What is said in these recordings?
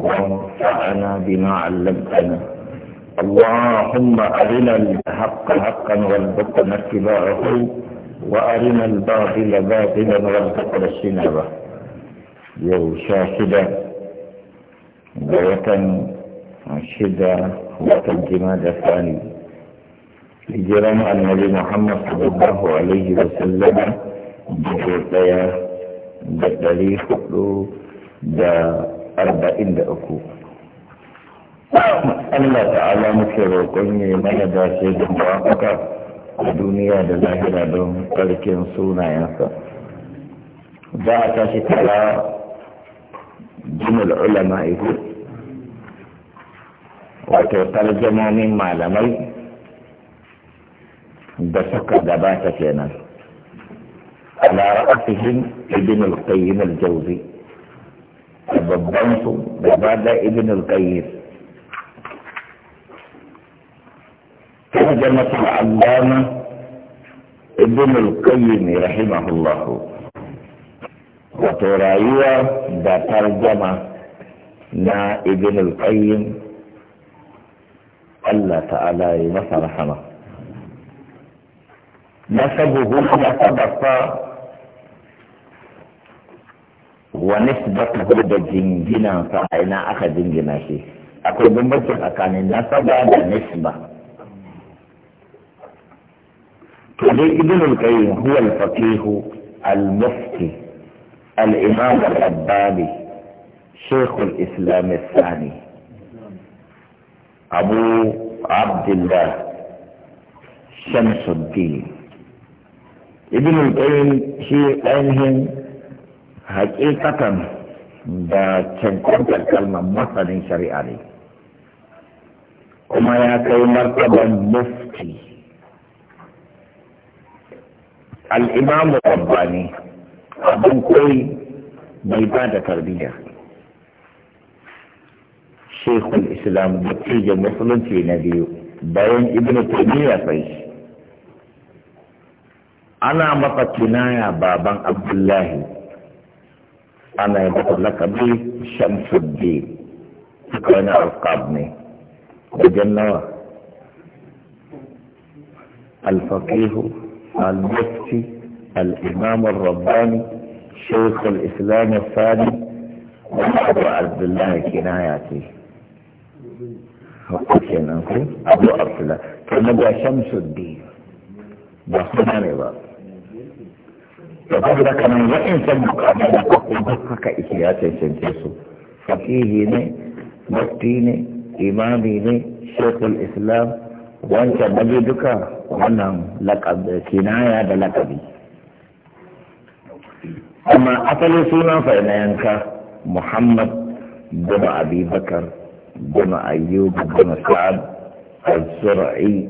وانفعنا بما علمتنا اللهم أرنا الحق حقا وارزقنا اتباعه وأرنا الباطل باطلا وارزقنا اجتنابه يو شاشدة بوتن شدا وتن جماد الثاني لجرم النبي محمد صلى الله عليه وسلم بحيث يا بدري arba'in da uku Allah ta'ala muke roƙon ne mana da shi da mawafaka a duniya da lahira don ƙarfin sunayensa za a tashi tara jimul ulama iku wato tarjamomin malamai da suka gabata kenan ala ra'asihim ibn al-qayyim al-jawzi da babbansu da bada ibn al-qayyim kuma jama'a al-allama ibn al-qayyim wato rayuwa da tarjama na ibn al-qayyim Allah ta'ala yi masa rahama nasabuhu ya tabbata wa nisbatuhu da jinginan sa a ina aka jingina shi akwai bambanci tsakanin nasaba da nisba to dai ibn al-qayyim huwa al-faqih al-mufti al-imam al-rabbani شيخ الإسلام الثاني أبو عبد الله شمس الدين ابن القيم شيء أنهم hakikatan da cancantar kalmar masanin shari'a ne kuma ya kai martaban mufti al'imamu rabbani abin koyi mai ba da tarbiyya shekul islam da musulunci na biyu bayan ibn taymiya sai ana masa kinaya baban abdullahi أنا يذكر لك به شمس الدين فكرنا ألقابني وجنة الفقيه المفتي الإمام الرباني شيخ الإسلام الثاني أبو عبد الله كناياتي وقفنا أبو عبد الله كان شمس الدين بحثنا نظام da saboda kanan wa'in san bukata da kwakwai duk haka ishe ya cancance su fakihi ne mufti ne imami ne shekul islam wancan baje duka wannan kinaya da lakabi amma asalin sunan fa na yanka muhammad bin abi bakar bin ayyub bin sa'ad az-zur'i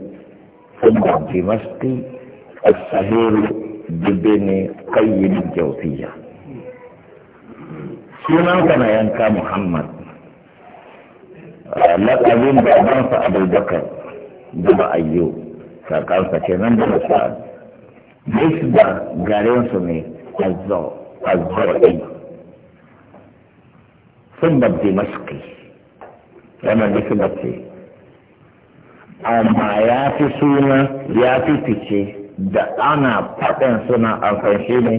ثم دمشقي السهيل bibini qayyim jawziya sunan kana yanka muhammad ah, lakabin babansa abubakar da ba ayyo kakansa nan da sa'ad bisba garinsu ne azzawai sun babbi maski wannan nisbar ce amma ya fi suna ya fi fice da ana faɗin suna amfan shi ne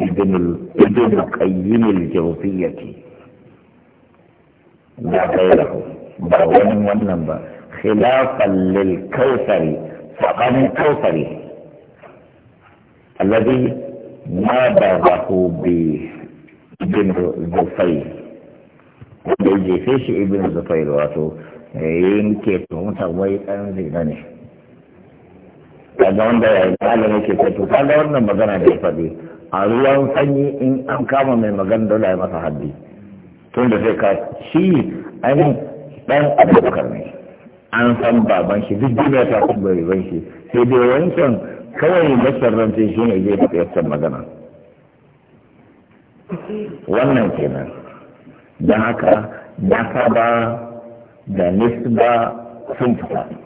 ibn qayyim al-jawziyyati da gairahu ba wani wannan ba khilafan lil kawsari sabanin kawsari alladhi ma barahu bi ibn zufayr wanda ya jefe shi ibn zufayr wato yanke tuhumta wai ɗan zina ne daga wanda ya yi malami ke kai to kaga wannan magana da ya faɗi a ruwan sanyi in an kama mai magana dole ya masa haddi tun da zai ka shi ainihin ɗan abubakar ne an san baban shi duk duniya ta kuma ban shi sai dai wancan kawai masar rancin shi ne zai tafi yasan magana wannan kenan da haka na saba da nisba sun fita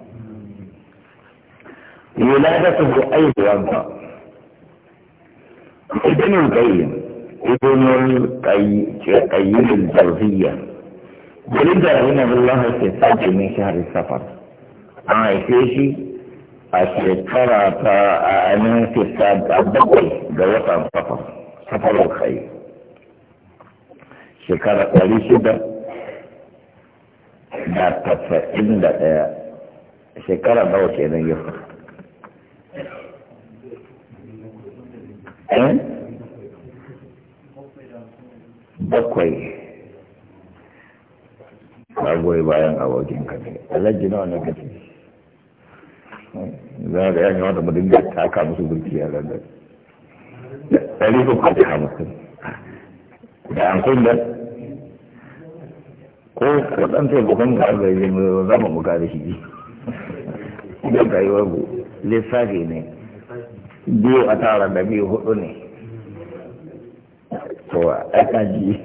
ولادته أيضا ابن القيم ابن القيم الجوزية ولد رحمه الله في الثلج من شهر السفر عايشه آه، شيء أشكرا أنا في الثلج البقي بوقع السفر سفر الخير شكرا قليل شدة لا تفعل شكرا دوشي نيفر Eh? bakwai ka goyi bayan abokin ka ne alhaji nawa ne ka za a ga yanyi wata mu ta taka musu burki a ranar ɗari ko kwanci a musu da an kun da ko kaɗan sai bukun ka arzai zai zama mu gari shi idan ka yi wabu lissafi ne biyu a tara da biyu hudu ne to aka ji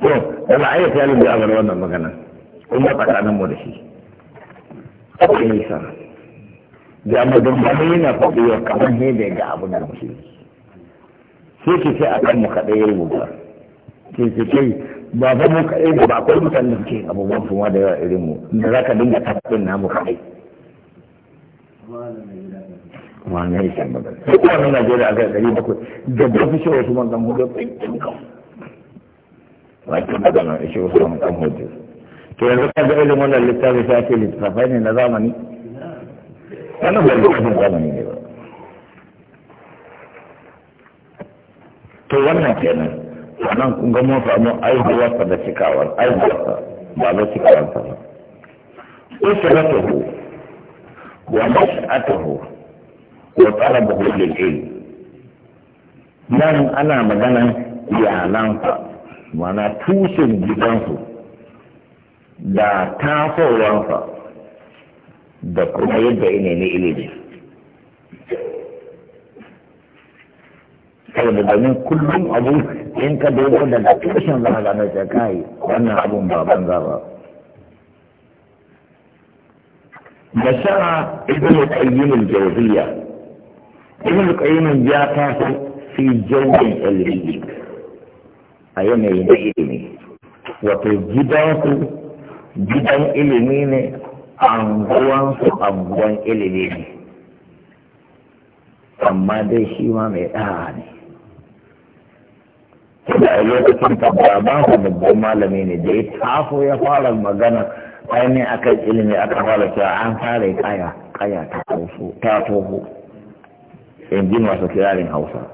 to wani ai ta yi a wannan magana kuma nan mu da shi yi sa da amma don ba yana faɗi wa kamar ne da ga abin da shi sai ce sai kan mu kaɗai ya ba ke ce kai ba fa mu kaɗai da ba akwai mutanen da suke abubuwan kuma da yawa irin mu da za ka dinga na mu kaɗai ma na yi shan magana kuma na najeriya a gargari da kuwa da ba fi shewa su man kan hudu tsinkin kan wakil magana da shewa su man kan hudu to yanzu kan da ilimin wannan littafi sai ake littafai ne na zamani wannan ba littafin zamani ne ba to wannan kenan sannan kun ga mun samu aihuwarsa da cikawar aihuwarsa ba da cikawarsa ba usratuhu wa mas'atuhu وطلبه للعلم nan ana maganan fa mana tushen gidansu da fa da kuma yadda ina nemi ilimi saboda domin kullum abu in ka dogo daga tushen za a gane ta kai wannan abun ba banza ba da shara ibn qayyim al-jawziyya ibn qayyim ya taso fi jawin ilmi a yanayi na ilimi wato gidansu gidan ilimi ne anguwansu anguwan ilimi ne amma dai shi ma mai ɗaha ne da a lokacin tabbaban su babban malami ne da ya tafo ya fara magana ainihin akan ilimi aka fara cewa an fara kaya kaya ta tofu in ji masu kirarin hausa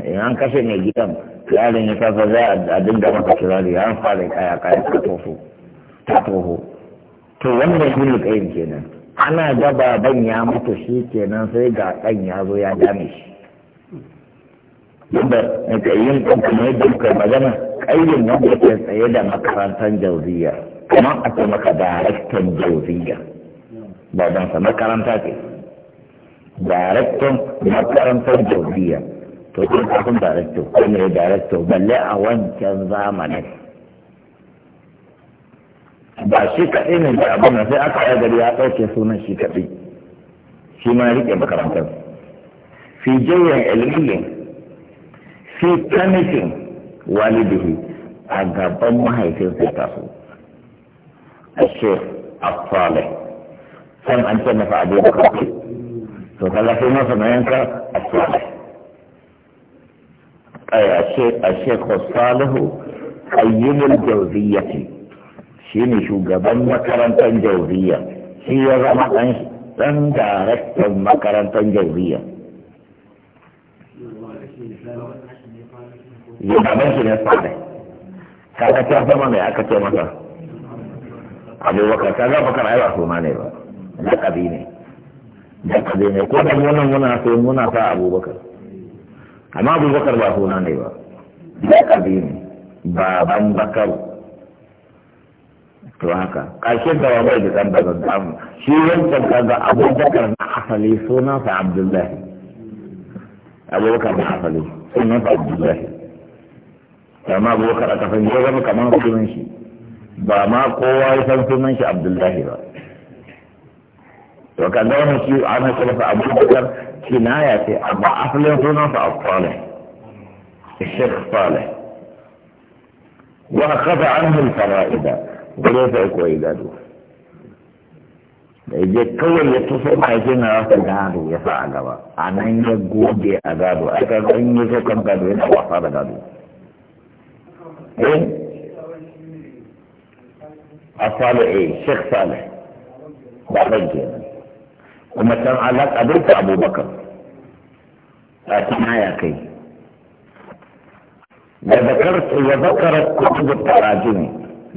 in an kashe mai gidan kirarin ya kasa za a dinga masa kirari an fara kaya kaya ta toho ta toho to wannan shi ne kayan kenan ana gaba ban ya mutu shi kenan sai ga ɗan ya zo ya dame shi yadda na ɗan kuma yadda muka magana ƙayyar wanda ke tsaye da makarantar jauziya kuma a ce maka daraktan jauziya ba don sa makaranta ce دايركتو مكرم في الجوبية تقول أكون دايركتو أنا دايركتو بل لا أوان كذا منك باشيكا إن إيه الجابون في أكا يقدر يأتوك يسونا شيكا بي شما ريكا بكرم كذا في جوية علمية في كمس والده أجابون ما هيتين في تاسو الشيخ الصالح سن أنت نفع دي بكرم كذا فقال في مصر أنت الصالح أي الشيخ, الشيخ الصالح قيم الجوزية شيني شو قبل مكرن الجوزية هي غما أنش لم دارت الجوزية تنجوزية يبقى الصالح كاكا تيحظة ما نعي أكا تيحظة ما نعي أبو وقت كاكا بكر أيوه ما نعي لا قبيني da ka ne ko da muna muna so muna sa abubakar amma abubakar ba suna ne ba da ka ne baban bakar to haka ƙarshen da bai da ɗan daga damu shi wancan kaga abubakar na asali suna sa abdullahi abubakar na asali suna sa abdullahi amma abubakar a kasance ya zama kamar sunan shi ba ma kowa ya san sunan shi abdullahi ba وكان دائما في عام خلف ابو بكر كنايه اضعاف الانصاف الصالح الشيخ صالح واخذ عنه الفرائد وليس كويداد إذا كل يتصل مع سينا رفض هذا يسعى قبا أنا إن يقول بي أقابه أكا إن يسكن قدرين أو أصاب قبا إيه أصالح إيه شيخ صالح بحجي يعني kuma can alaƙabinta abubakar a tana ya kai da zakarta ya zakarar kutubu tarajini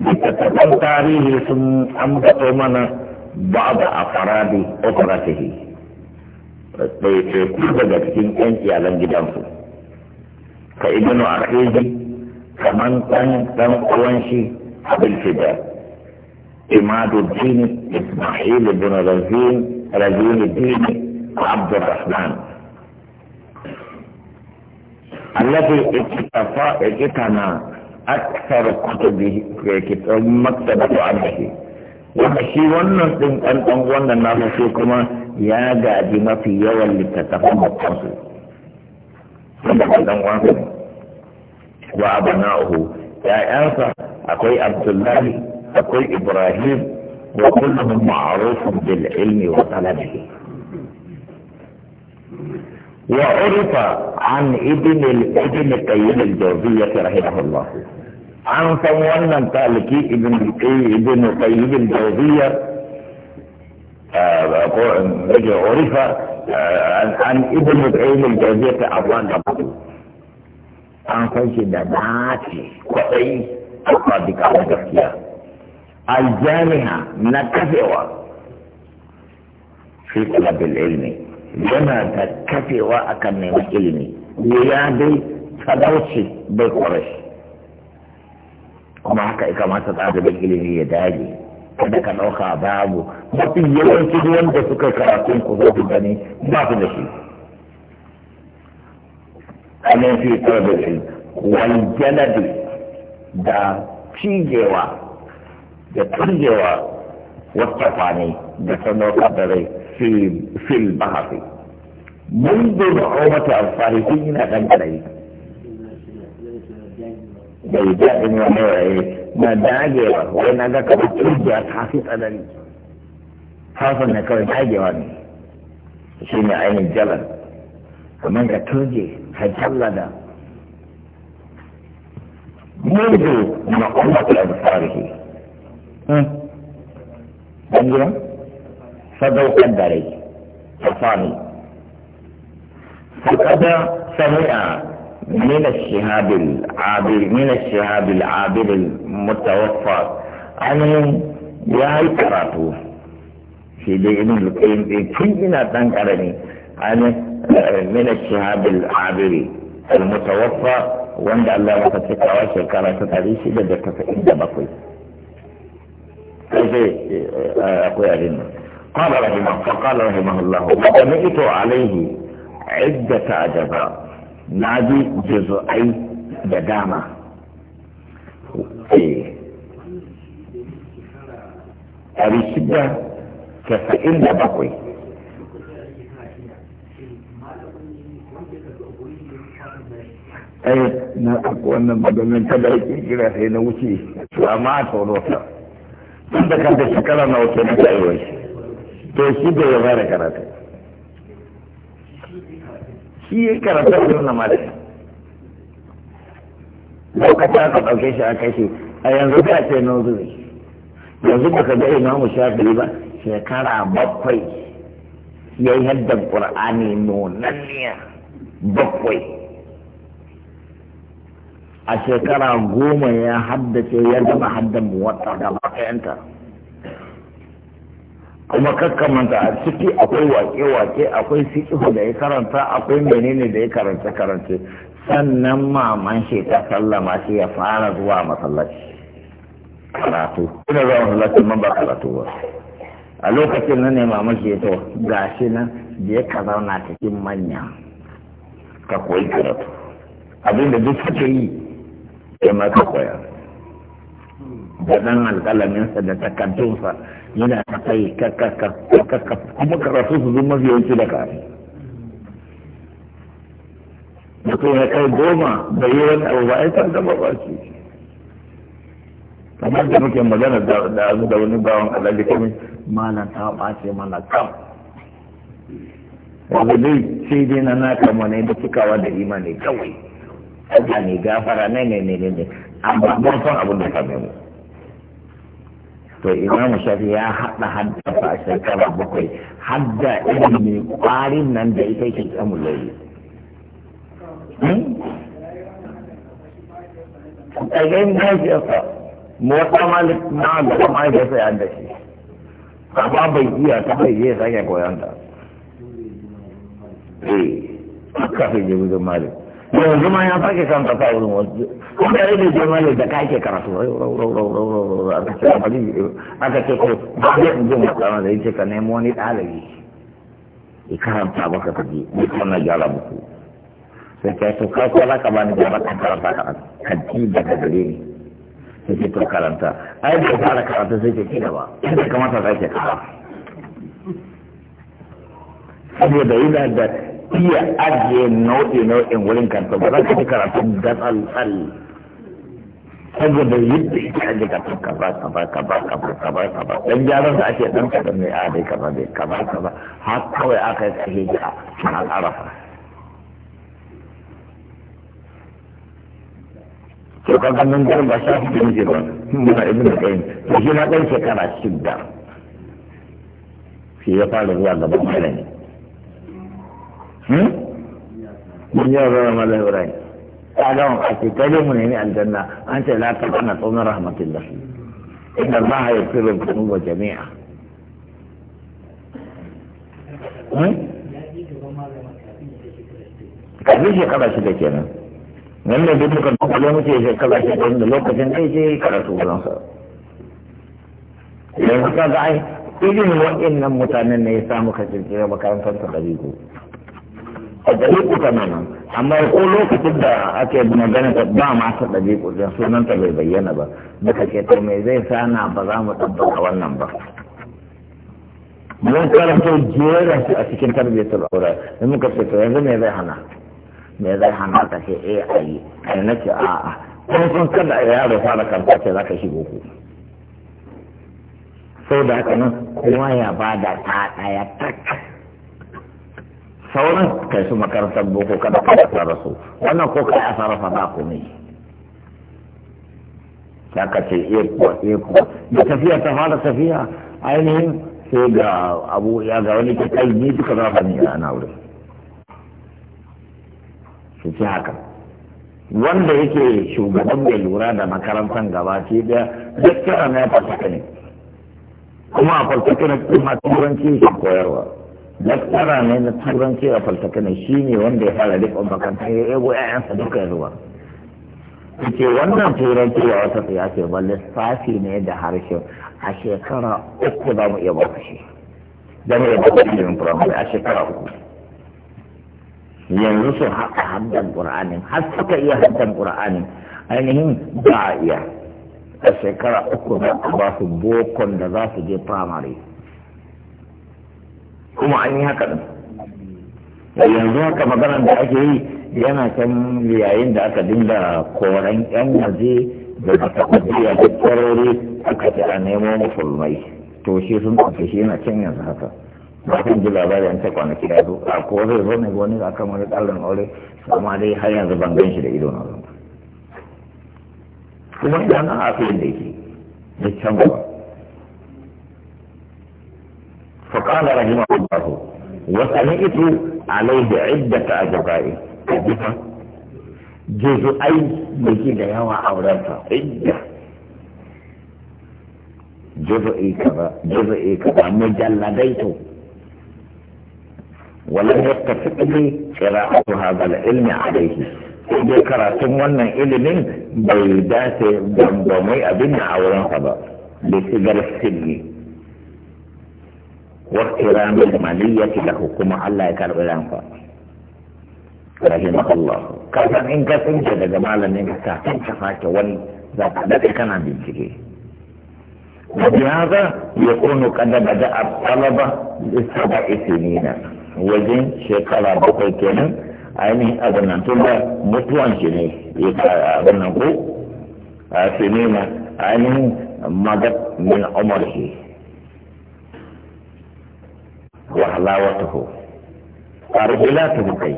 littattafan tarihi sun ambato mana ba da a faradi operatihi ɗaiɗaiku daga cikin 'yan iyalan gidansu ka ibnu akhihi kaman ɗan dan uwan shi abin imadu imaduddin ismahil ibn razin رزين الدين عبد الرحمن الذي اجتمع أكثر كتبه كتب مكتبة عبده wanda shi wannan ɗin ɗanɗan wannan na sai kuma ya gaji mafi yawan littattafan mutansu wanda ba ɗan wansa ne wa abana uhu ya'yansa akwai abdullahi akwai ibrahim وكلهم معروف بالعلم وطلبه وعرف عن ابن ابن القيم الجوزية رحمه الله عن صوانا تالكي ابن ابن القيم الجوزية آه، عرف آه، عن ابن القيم الجوزية أولا عن فنش دماتي كوي أقابك على aljami'a na kafewa fi talabil ilmi yana da kafewa a kan neman ilimi ya dai talauci bai kwarashi kuma haka ya kamata ɗalibin ilimi ya dage kada ka ɗauka babu mafi yawanci wanda suka karatun ku za ku gani ba su da shi amin fi talauci wal jaladi da cijewa da turgewa والطفاني بسنو قدري في في البحر منذ نعومة الصالحين غنجري بيداء وحيوعي ما داجر وإن هذا كما ترجع تحافظ أدري خاصة أنك كوي داجراني شين عين الجبل ومن ترجع تجلد منذ نعومة الصالحين ها فضل قدري فصاني فقد سمع من الشهاب العابر من الشهاب العابر المتوفى عنهم يا كراتو في دين القيم في كلنا تنكرني عن من الشهاب العابر المتوفى وعند الله ما تتكوى شكرا ستعيش إذا دكت إذا بقيت أقوى آه، آه، قال رحمه فقال رحمه الله وجمعت عليه عدة أجزاء نادي جزئي بدامة إيه. أبي شدة كفإن بقي أي نا أقوى أن من تبعي كيف يحين وشي سلامات ورسل tun da kan da shekara na wata na tsayuwar shi to shi da ya fara karatu shi ya karatu a yau na malami lokacin aka ɗauke shi a kashe a yanzu ta ce na zuri yanzu ba ka ga imamu shafi'i ba shekara bakwai ya yi haddan ƙur'ani nonanniya bakwai a shekara goma ya haddace ya gama haddan muwatta da bakayanta kuma kakkamanta a ciki akwai wake-wake akwai sikihu da ya karanta akwai menene da ya karanta karance sannan maman shi ta sallama shi ya fara zuwa masallaci karatu ina zuwa masallaci man ba karatu ba a lokacin nan ne maman shi ya to shi nan da ya kaza na cikin manya ka koyi karatu abinda duk suke yi kai ma ka koya da dan sa da sa yana ta kai kakaka kuma karatu su zuma yawanci da kare mutum ya kai goma da yi wani abu ba ai ta gaba ba shi kamar da muke magana da azu da wani bawan alaji kuma malam ta ɓace mana kam yanzu dai sai dai na naka mana da cikawa da imani kawai Allah ne gafara ne ne ne ne amma ban san abin da kame mu to imamu shafi ya haɗa hadda a shekara bakwai hadda irin mai ƙwarin nan da ita yake hmm? mahaifiyarsa mota malik na da mahaifiyarsa ya da shi amma bai iya ta bai iya sake koyon ta eh aka fi jirgin malik yanzu ma ya sake kan kasa wurin wasu kuma da rage jama'a ne da kake karatu aka ce ko ba da yake ka nemo wani karanta jala muku sai to bani gyara karanta ka ji gare ni sai ke to karanta ai da fara karanta sai ke ci kamata ke karanta saboda da iya ajiye nau'in nau'in wurin kanta ba za ka ci karatun dan al'al saboda yadda ita ajiye karatun kaza kaza kaza kaza kaza kaza dan gyaran da ake dan kaza mai a ah, dai kaza dai kaza kaza har kawai aka yi kashe ji a arafa to nan ba su bin muna ibn to shi na dan shekara shidda shi ya fara zuwa gaban malami Hmm? mun yau zama mala ibrahim ta gama a ce kai dai mu nemi aljanna an ce la ta kana tsomin rahmatullah inna allaha yaghfiru dhunuba jami'a shi hmm? kafin shekara da kenan nan da duk kan kwakwale muke shekara shida da lokacin kai ce karatu wurin sa yanzu ka ga ai irin wa'annan mutanen ne ya samu ka kirkira makarantar ta ɗari a ɗariƙu kuka nan amma ko lokacin da ake magana ta ba ma ta ɗariƙu don sunan ta bai bayyana ba ka ce to me zai sana ba za mu ɗabbaka wannan ba mun karanta jera su a cikin tarbiyyar aura in muka ce to yanzu me zai hana me zai hana ka ce eh ayi ai nake a'a kun sun kada yaro fara kanta ce za ka shigo ku sau da haka nan kuma ya ba da ta ɗaya tak sauran kai su makarantar boko kada ka asara su wannan ko kai asara sarrafa ba komai saka ce iya eh eh kuwa da tafiya ta fara tafiya ainihin sai ga abu ya ga wani ke kai ni duka za ka ni ana wurin su ce haka wanda yake shugaban mai lura da makarantar gaba ce da duk na ya fasaka ne kuma a fasaka na kuma turanci shi koyarwa daktara ne na turanci a falsaka ne shi ne wanda ya fara rikon makaranta ya ego ƴaƴansa duka ya zuwa ce wannan turanci a wata ya ce ba lissafi ne da harshe a shekara uku za mu iya baka shi za mu iya baka ilimin firamare a shekara uku yanzu su haɗa haddan ƙur'anin har suka iya haddan ƙur'anin ainihin ba a iya a shekara uku za a ba su bokon da za su je firamare kuma an yi haka da yanzu haka magana da ake yi yana can yayin da aka dinga koran yan waje da aka tafiya da tsarori aka ci a nemo musulmai to shi sun tafi shi yana can yanzu haka ba kan ji labari an ta kwanaki ya zo a ko zai zo ne wani a kan wani ƙarin aure amma dai har yanzu ban gan shi da ido na kuma yana a fiye da yake da can gaba قال رحمه الله وسمعت عليه عدة أجزاء جزء أي دا يوا أورانتا عدة جزء كذا جزئي كذا مجلديته ولم يتفق لي قراءة هذا العلم عليه إذا كراتم وانا علم بيدات بمضمي أبن da بسجر السجن واكرام المالية له كما الله يكرم الأنفاق رحمه الله كان إنك كنت جمالا إنك تحتم شفاك فاك ون ذاك كان بيجي وبهذا يكون قد بدأ الطلبة لسبع سنين وزن شكرا بقي كنا ainihin abin nan tun da mutuwan shi ne abin nan ko a sinina ainihin magat wa halawatuhu ta kai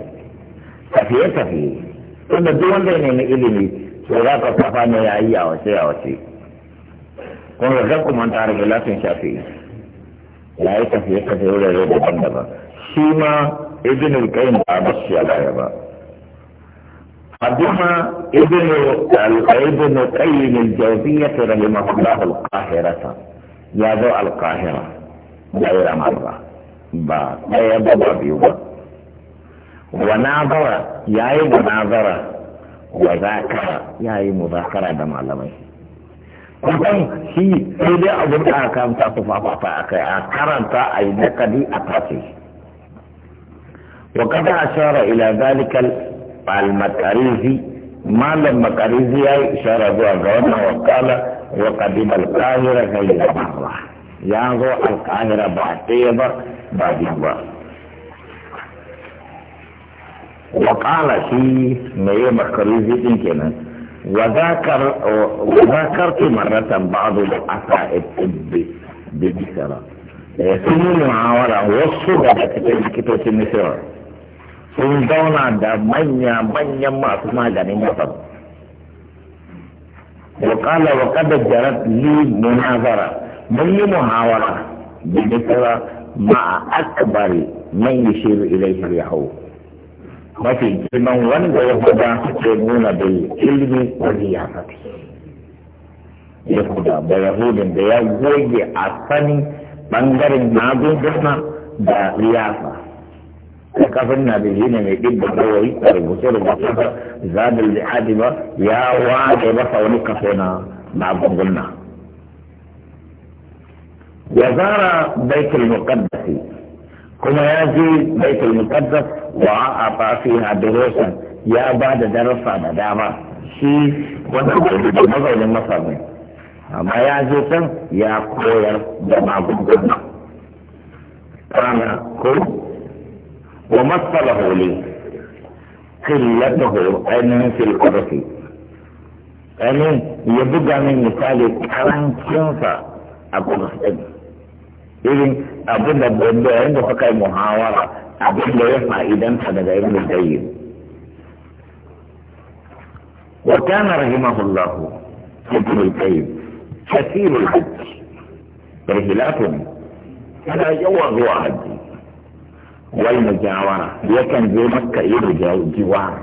tafiye tafiye tunda duk wanda ya nemi ilimi to za ka kafa ne ya yi a wace ya wace kun ga kuma ta rigilatun shafi ya yi tafiye tafiye wurare daban-daban shi ma ibn al-qayyim ba ba shi ya ba قدم ابن ابن القيم الجوزية رحمه الله القاهرة يا ذو القاهرة غير مرة ba ɗaya ba ba biyu ba wa nazara ya yi munazara wa zakara ya yi muzakara da malamai kusan shi sai dai abin da aka karanta su fafafa a kai a karanta a yi nakali a tafi wa kada ashara ila zalikal al-makarizi malam makarizi ya yi ishara zuwa ga wannan wakala wa qadima al-qahira ghayra marra ya zo al-qahira ba ɗaya ba بعد الله وقال في نيوم الكريزي انكنا وذاكر وذاكرت مرة بعض الأساء الطب بمصر سنو المعاورة وصوبة في الكتاب مصر sun zauna da manya-manyan masu maganin yasar da kala wa kada jarat li munazara mun yi ma'a akbari man yushiru ilaihi rihu mafi girman wanda ya huda ke nuna bil ilmi wa ziyafati yahuda da yahudin da ya goge a sani bangaren magunguna da liyafa da kafin na da shi ne mai ɗibba kawai a rubuce da masu zaɓin da ba ya wace masa wani kaso na magunguna وزار بيت المقدس كما يجي بيت المقدس وأعطى فيها دروسا يا بعد درس دامة شيء ونقل مصر أما يجي سن يا كوير جماعة كان كل ومثله لي قلته أن في الكرسي يعني يبقى من مثال كرنكينسا أبو مسعود irin abin da yayin da kuka yi muhawara abin da ya fa'idanta daga ibn qayyim wa kana rahimahullahu ibn qayyim kathir al-hajj rihilatun yana yawan zuwa hajji wal mujawara yakan je makka yi jiwar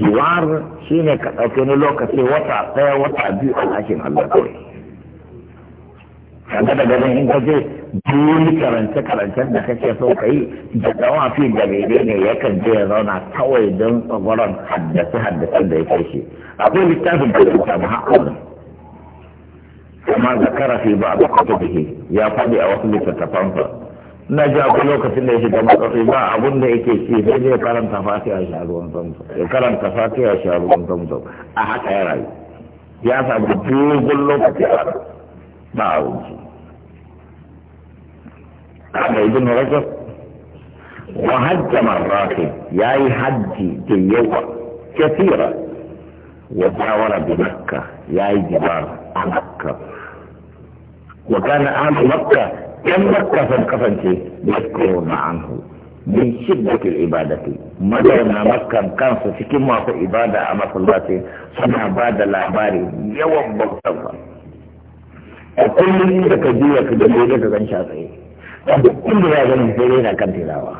jiwar shine ka ɗauki ni lokaci wata ɗaya wata biyu a ɗakin Allah kawai kaga da ganin in kaje duk karance karancen da kake so kai da dawa fi da mene ne yakan je ya zauna kawai don tsagoron haddace haddace da ya kai shi akwai littafin da ya samu haƙurin kuma ga fi ba a kutubihi ya faɗi a wasu littattafansa na ji akwai lokacin da ya shiga matsatsi ba abun da yake ci sai zai karanta fatiha shi a ruwan zamzam ya karanta fatiha shi a ruwan zamzam a haka ya rayu ya samu dogon lokaci a معروف هذا ابن رجب وهج مرات ياي يهدي تيوة كثيرة وداور بمكة ياي جبار مكة وكان أهل مكة كم مكة فانكفن يذكرون عنه من شدة العبادة مدرنا مكة كان في كما في عبادة أما في الله سنة بعد الاعبار يوم بكتبه a kullum inda ka juya ka gani da ka gan shi a tsaye wanda inda ya gani sai dai na kan tilawa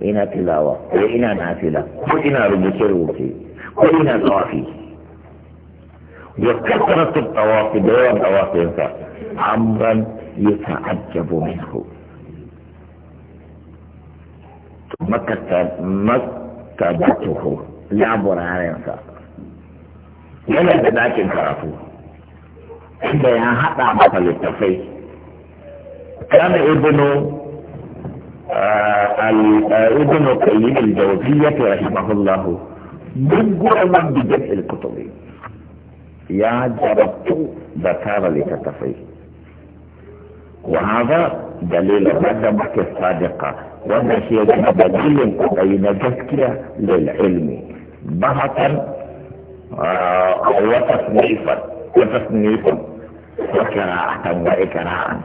ina tilawa ko ina nafila ko ina rubuce-rubuce ko ina tsawafi ya kasara su tsawafi da yawan tsawafinsa amran ya ta'ajjabu minhu maktabatuhu laburarensa yana da dakin karatu inda ya haɗa masa littafai kana ibnu ابن قيم الجوزية رحمه الله بالجرم بجمع الكتب يا جربت ذكر لتتفي وهذا دليل الردمة الصادقة وهذا شيء دليل بين تزكية للعلم بحثا وتصنيفا وتصنيفا وقراءة وإقراء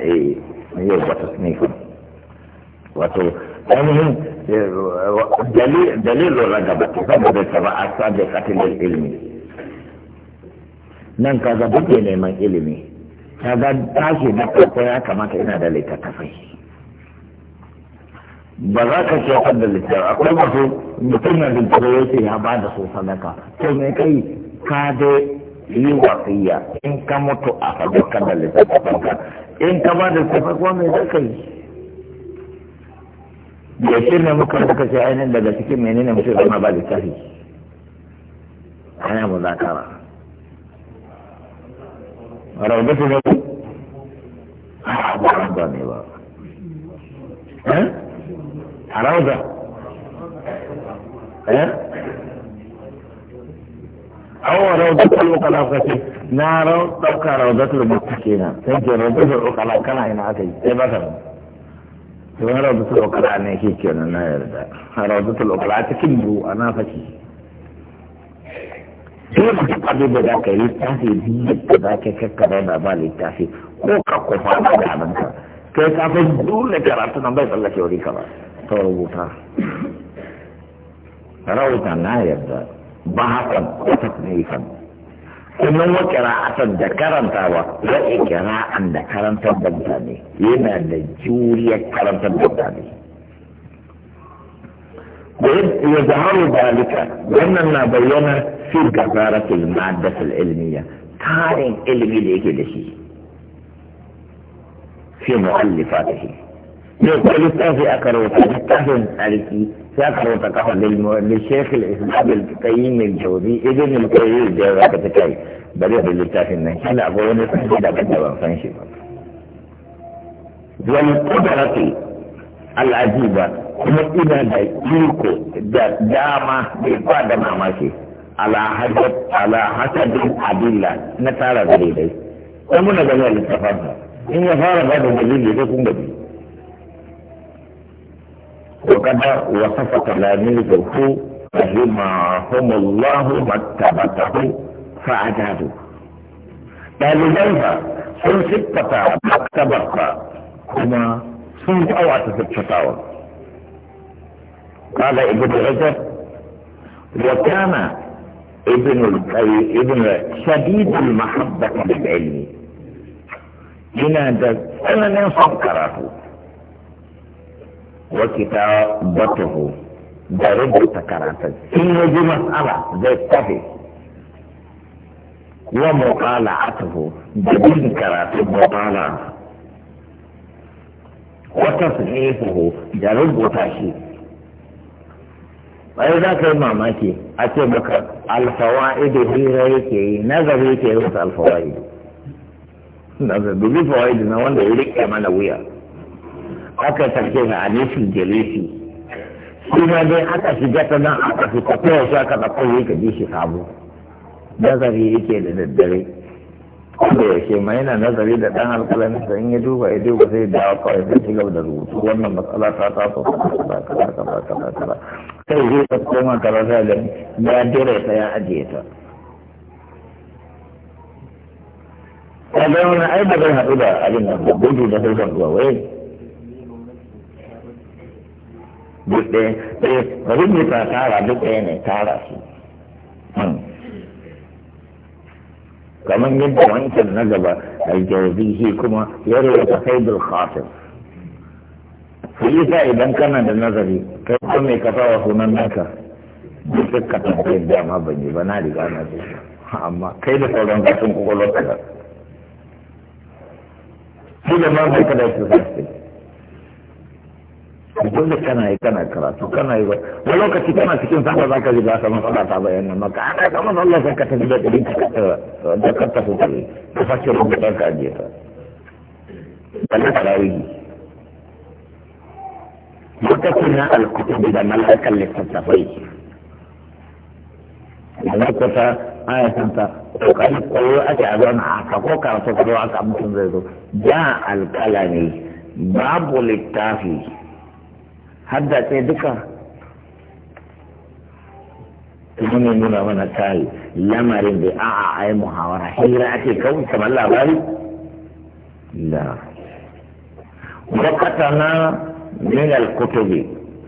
إيه يبقى تصنيفا وتو أنهم دليل دليل الرغبة فبدا السبعة الصادقة ilimi nan ka ga duk neman ilimi ka ga tashi na farko ya kamata ina da littattafai ba za ka shafar da littattafai akwai masu mutum na littattafai ya ba da su sadaka to me kai ka dai yi wasiya in ka mutu a hajjaka da ka in ka ba da littattafa mai zaka yi da shi ne muka suka ce ainihin daga cikin menene mutu zama ba littafi ana muzakara raudatu ne a ba rauda ne ba eh? a rauda aw rawdatul ukala kace na raw dauka rawdatul mutakina sai ke rawdatul kala kana ina aka yi sai baka to rawdatul ukala ne ke kenan na yarda rawdatul ukala ta kindu ana faki sai mutum abin da za ka yi littafi duk da za ka kakkara da ba littafi ko ka kuma da abinka kai ka fi dole karatu nan bai tsallake wuri ka ba ta rubuta rahoton na yarda بحثا وتصنيفا sannan wa kira'atan da karantawa wa kira'an da karantar da mutane yana da juriyar karantar da mutane ya zaharu dalika wannan na bayyana fi gazaratul ma'addatul ilmiya tarin ilimi da yake da shi fi mu'allifatihi ne ko littafi aka rubuta littafin tsarki سيقرأ تقف للشيخ الإسلام القيم الجودي ابن القيم الجوزي كتكاي بدأ باللتاف إن شاء الله أقول لك إذا كنت وانفنشي والقدرة العجيبة هو إذا دا يلقو دا داما ما ماشي على حسب على حسب الأدلة نتعرف لديه ومن جميع تفضل إن يفارق هذا الدليل يكون بديه وقد وصف تلاميذه فجمعهم الله مكتبته فأجازوا ɗalibansa sun siffata maktabarka kuma sun kawata siffatawa قال ابن رجب وكان ابن ابن شديد المحبة للعلم هنا ده أنا نصب كراهه wa kitabatuhu da rubuta karatun in ya ji mas'ala zai tafi wa muqala'atuhu da bin karatun muqala wa tasnifuhu da rubuta shi bai za ka yi mamaki a ce maka alfawa'idu hira yake yi nazari yake yi wasu alfawa'idu dubi fawa'idu na wanda ya riƙe mana wuya aka tarke na alifin jelisi kuma dai aka shiga ta nan aka fita ta yaushe ka da yi ka ji shi sabo nazari yake da daddare da yaushe ma yana nazari da ɗan alƙalami da in ya duba ya duba zai dawo kawai zai ci gaba da rubutu wannan matsala ta taso kaza kaza kaza kaza kaza kai zai ta koma karanta da ya dire ta ya ajiye ta kaga wani ai ba zai haɗu da abin da gudu da sauran ruwa wai duk ɗaya ɗaya rubuta tara duk ɗaya ne tara su hmm. kamar yadda wancan na gaba aljawzi shi kuma ya rubuta kaidul khatir su sa idan kana da nazari kai ko mai kafa wa sunan naka duk ka tambayi dama ban yi ba na riga na ce amma kai da sauran kasan kwakwalwar ka shi da ma bai kada su sa dole kana yi kana karatu kana yi wani lokaci kana cikin sallah za ka ji ba sama sallah ta bayyana maka ana kama Allah sai ka tafi da ɗari da ka tafi tare ka fashe rubutan ka ajiye ta wani tarawihi maka na alkutubi da malakan littattafai santa ayatanta kokari koyo ake a zauna a kako karatu kuma aka mutum zai zo ja alkalami babu littafi haddace duka kuma ne nuna mana tal lamarin da a'a ai muhawara hira ake kawai kamar labari la wakatana min al-kutubi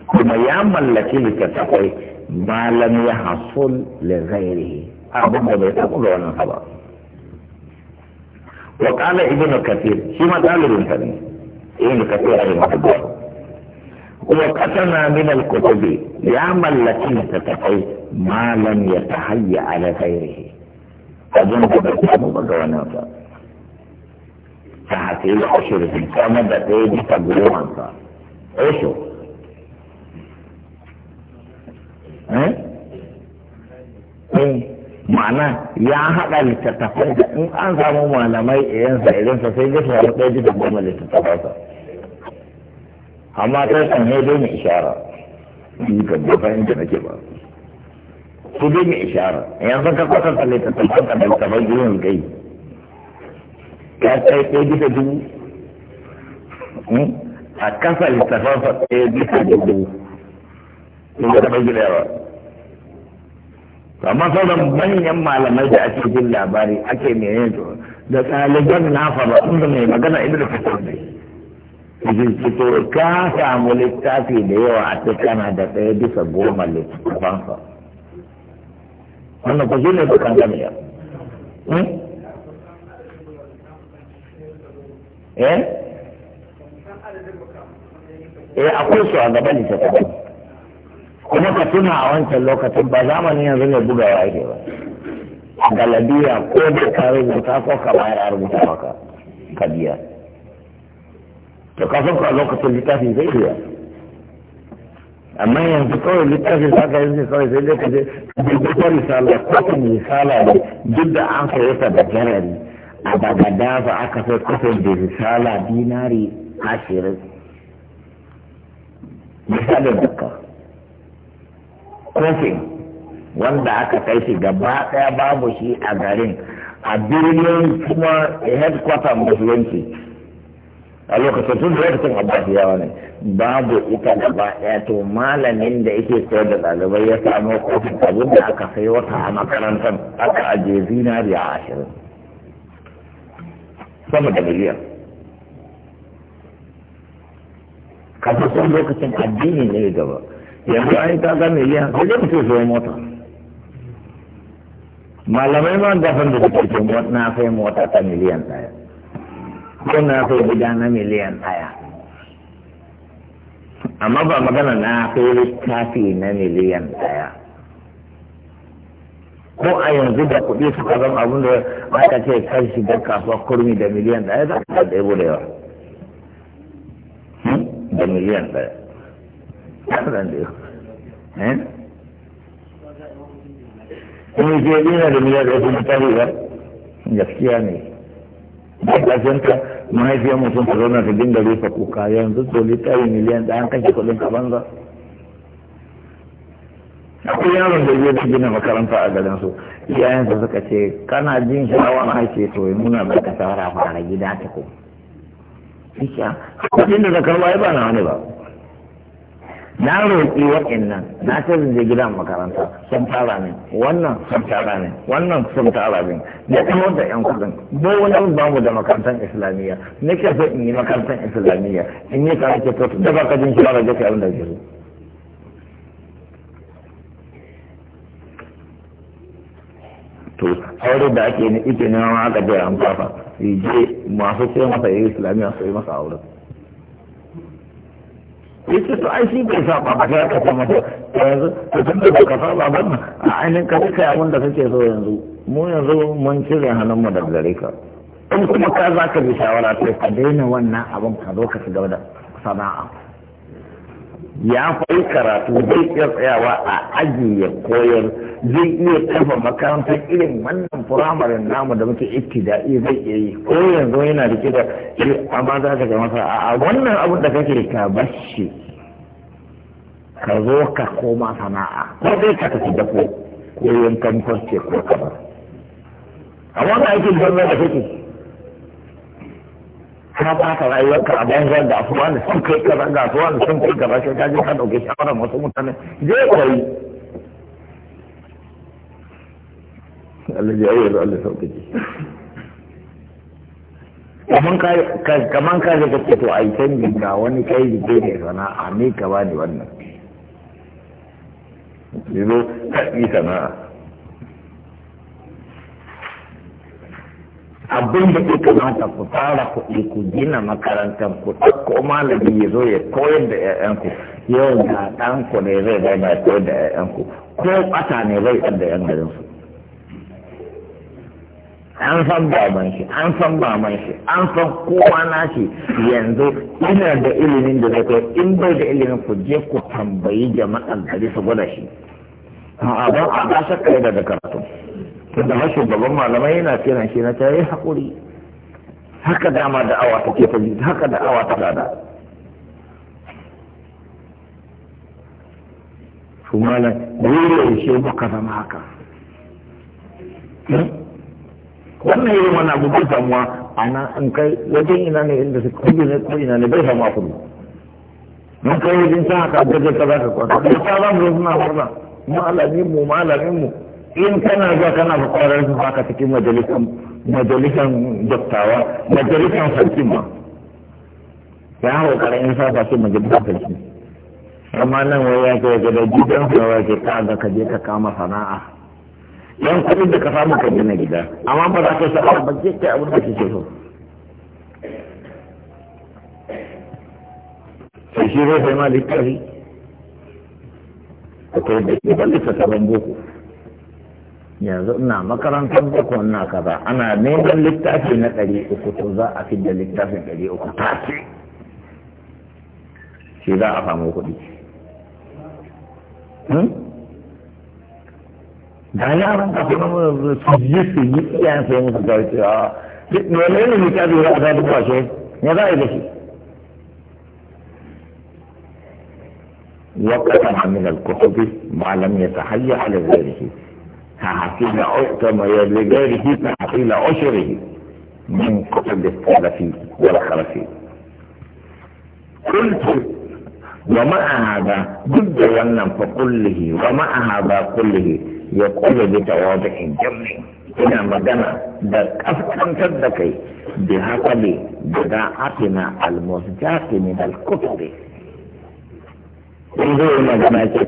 kuma ya mallaki littattafai ma lam ya hasul le zairi abin da bai taɓa ga wannan haba wa qala ibnu kathir shi ma talibin ne ibnu kathir ne وقسم من الكتب يعمل لكن تتقي ما لم يتهيا على غيره اظن كده مو معنى يا هذا اللي تتفاوض ان انظروا معنى ما يأنسى اذا فسيجي في الوقت يجب ان تتفاوض amma ta kan ne dai mai ishara yi kan ba fahimta nake ba su dai mai ishara yanzu ka kwatanta littattafan ka da littattafan gidan gai ka kai ko bisa dubu hmm? a kasa littattafan sa ɗaya bisa dubu sun ga taɓa gida ba amma sauran manyan malamai da ake jin labari ake menene da ɗaliban na faɗa inda mai magana ibnu da ne jinkito ka samu littafi da yawa a ce kana da ɗaya bisa goma littafansa wannan ku shi ne bukan gamiya hmm? eh eh akwai su a gaban littattafan kuma ka tuna a wancan lokacin ba zamanin yanzu ne bugawa yake ba galabiya ko da ka rubuta ko ka bayar a rubuta maka ka biya to ka san ku a lokacin littafi zai biya amma yanzu kawai littafin za ka yanzu kawai sai dai ka je rubuta misala ko ta misala ne duk da an saye yasa da jarari a daga dafa aka sai kusan da misala dinari ashirin misalin dukka kofin wanda aka kai shi gaba daya babu shi a garin a birnin kuma headquarter musulunci a lokacin tun lokacin abbasiyawa ne babu ita gaba ɗaya to malamin da yake koyar da ɗalibai ya samu kofin abin da aka sai wata a makarantar aka ajiye zinariya a ashirin sama da miliyan kafin sun lokacin addini ne gaba yanzu an yi kaga miliyan sai dai mutum zuwa mota malamai ma da fan da suke na sai mota ta miliyan ɗaya kuna so gida na miliyan ɗaya amma ba magana na so littafi na miliyan ɗaya ko a yanzu da kuɗi suka zama abin da ba aka ce kan da kasuwa kurmi da miliyan ɗaya za ka ɗaya bude yawa hmm? da miliyan ɗaya kuma ke yana da miliyan ɗaya kuma ta riga gaskiya ne ba ka mahaifiyar mutum ta zauna ta dinga rufe kuka yanzu to littafi miliyan da an kashe kuɗin ka banza akwai yaron da zai gina makaranta a garin su iyayensa suka ce kana jin shawara hake to yi muna baka shawara fara gida ta ko. Isha, kuɗin da na ya ba na wani ba. na roƙi nan na ce zai je gidan makaranta sun tara ne wannan sun tara ne wannan sun tara ne ya kama da yan kudin bo wani ba mu da makarantar islamiyya nake so in yi makarantar islamiyya in yi ka nake to da baka jin shawara da kai abin da ke to aure da ake ne ike ma aka je an fafa je masu sai masa yi islamiyya su yi masa aure yace to ai shi bai saba ba sai ka kuma to yanzu ta tun da ka saba ba ma a ainin ka kai abin da kake so yanzu mu yanzu mun cire hannunmu da daga gare ka in kuma ka za ka bi shawara yi ka daina wannan abin ka zo ka shiga da sana'a ya fai karatu zai iya tsayawa a aji ya koyar zai iya kafa makarantar irin wannan firamare namu da muke ibtida'i zai iya yi ko yanzu yana rike da shi amma za ka ga masa a wannan abin da kake ka bashi ka zo ka koma sana'a ko dai ka tafi dafo ko yankan farce ko kamar a wannan aikin gwamnati da kake ka ba ka rayuwarka a banzar da afuwa wani sun kai kaza ga afuwa wani sun kai kaza sai kaji je ka dauke shawarar wasu mutane je koyi Allah ya yi Allah sauke ji kaman ka kaman ka ga kace to ai canji ga wani kai ke ne sana'a ne ka ni wannan yanzu ka yi sana'a abin da ke kamata ku fara kuɗi ku gina makarantar ku ko malami ya zo ya koyar da 'ya'yanku yau da ɗanku ne zai gana ya koyar da 'ya'yanku ko ɓata ne zai ɗan da ƴan garinsu an san baban shi an san baban shi an san kowa na shi yanzu ina da ilimin da zai kai in bai da ilimin ku je ku tambayi jama'a gari su gwada shi a ba a ba shakka da karatu tunda ma shugaban malamai yana kiran shi na ta yi haƙuri haka dama da awa take ta haka da awa ta gada su malam dole ya ce muka zama haka hmm? wannan irin wani abu bai samuwa ana an kai wajen ina ne inda su kudu ne ko ina ne bai samuwa kudu mun kai wajen sa haka gajar ta za ka kwata da ta za mu zo suna murna mu alamin mu malamin mu in kana zuwa kana kwakwarar su baka cikin majalisan majalisan doktawa majalisan sarkin ma ya hau karan in sa fashe majalisan sarki amma nan wai ya ke gada gidan hawa ke ka ga ka je ka kama sana'a yan kudin da ka samu ka gina gida amma ba za ka sa ba ke ke abin da kike so sai shi zai sai ma littafi akwai da ban boko yanzu ina makarantar boko ina kaza ana neman littafi na ɗari uku to za a fi da littafin ɗari uku ta ce shi za a samu kuɗi da yaran ka kuma su yi su yi iyayen sai musu garci a mene ne littafi za a zaɓi kwashe ya za a yi da shi وقت من الكتب ما لم يتهيأ لغيره تعطيل يا رجاله تعطيل عشره من كتب السلفي والخلفي قلت ومع هذا ضد ونم فكله ومع هذا كله يقول بتواضع الجمع إلى مدنا ده أفكم تدكي بحسب بداعتنا المزجاة من الكتب إذا ما yi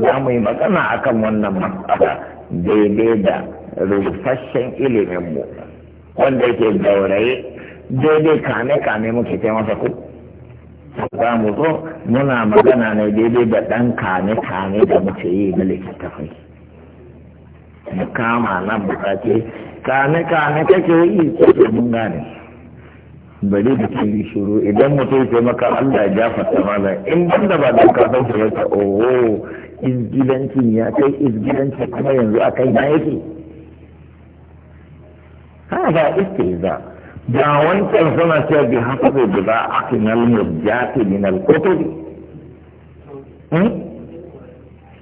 لا ce أنا أكمل mu yi daidai da rufasshen iliminmu wanda yake gauraye daidai kame-kame muke kai masa ku za mu zo muna magana ne daidai da ɗan kame-kame da muke yi na littattafai mu kama nan bukace kame-kame kake yi ko mun gane bari da ke yi shuru idan mutum sai maka Allah ya gafarta mana in banda ba don ka san ta oho izgilanci ya kai izgilanci kuma yanzu a kai na yake Kana ba iske za ba wani tsarsana ce bi haka zai bi hmm? ba a kan yalmur ya ce min alkotobi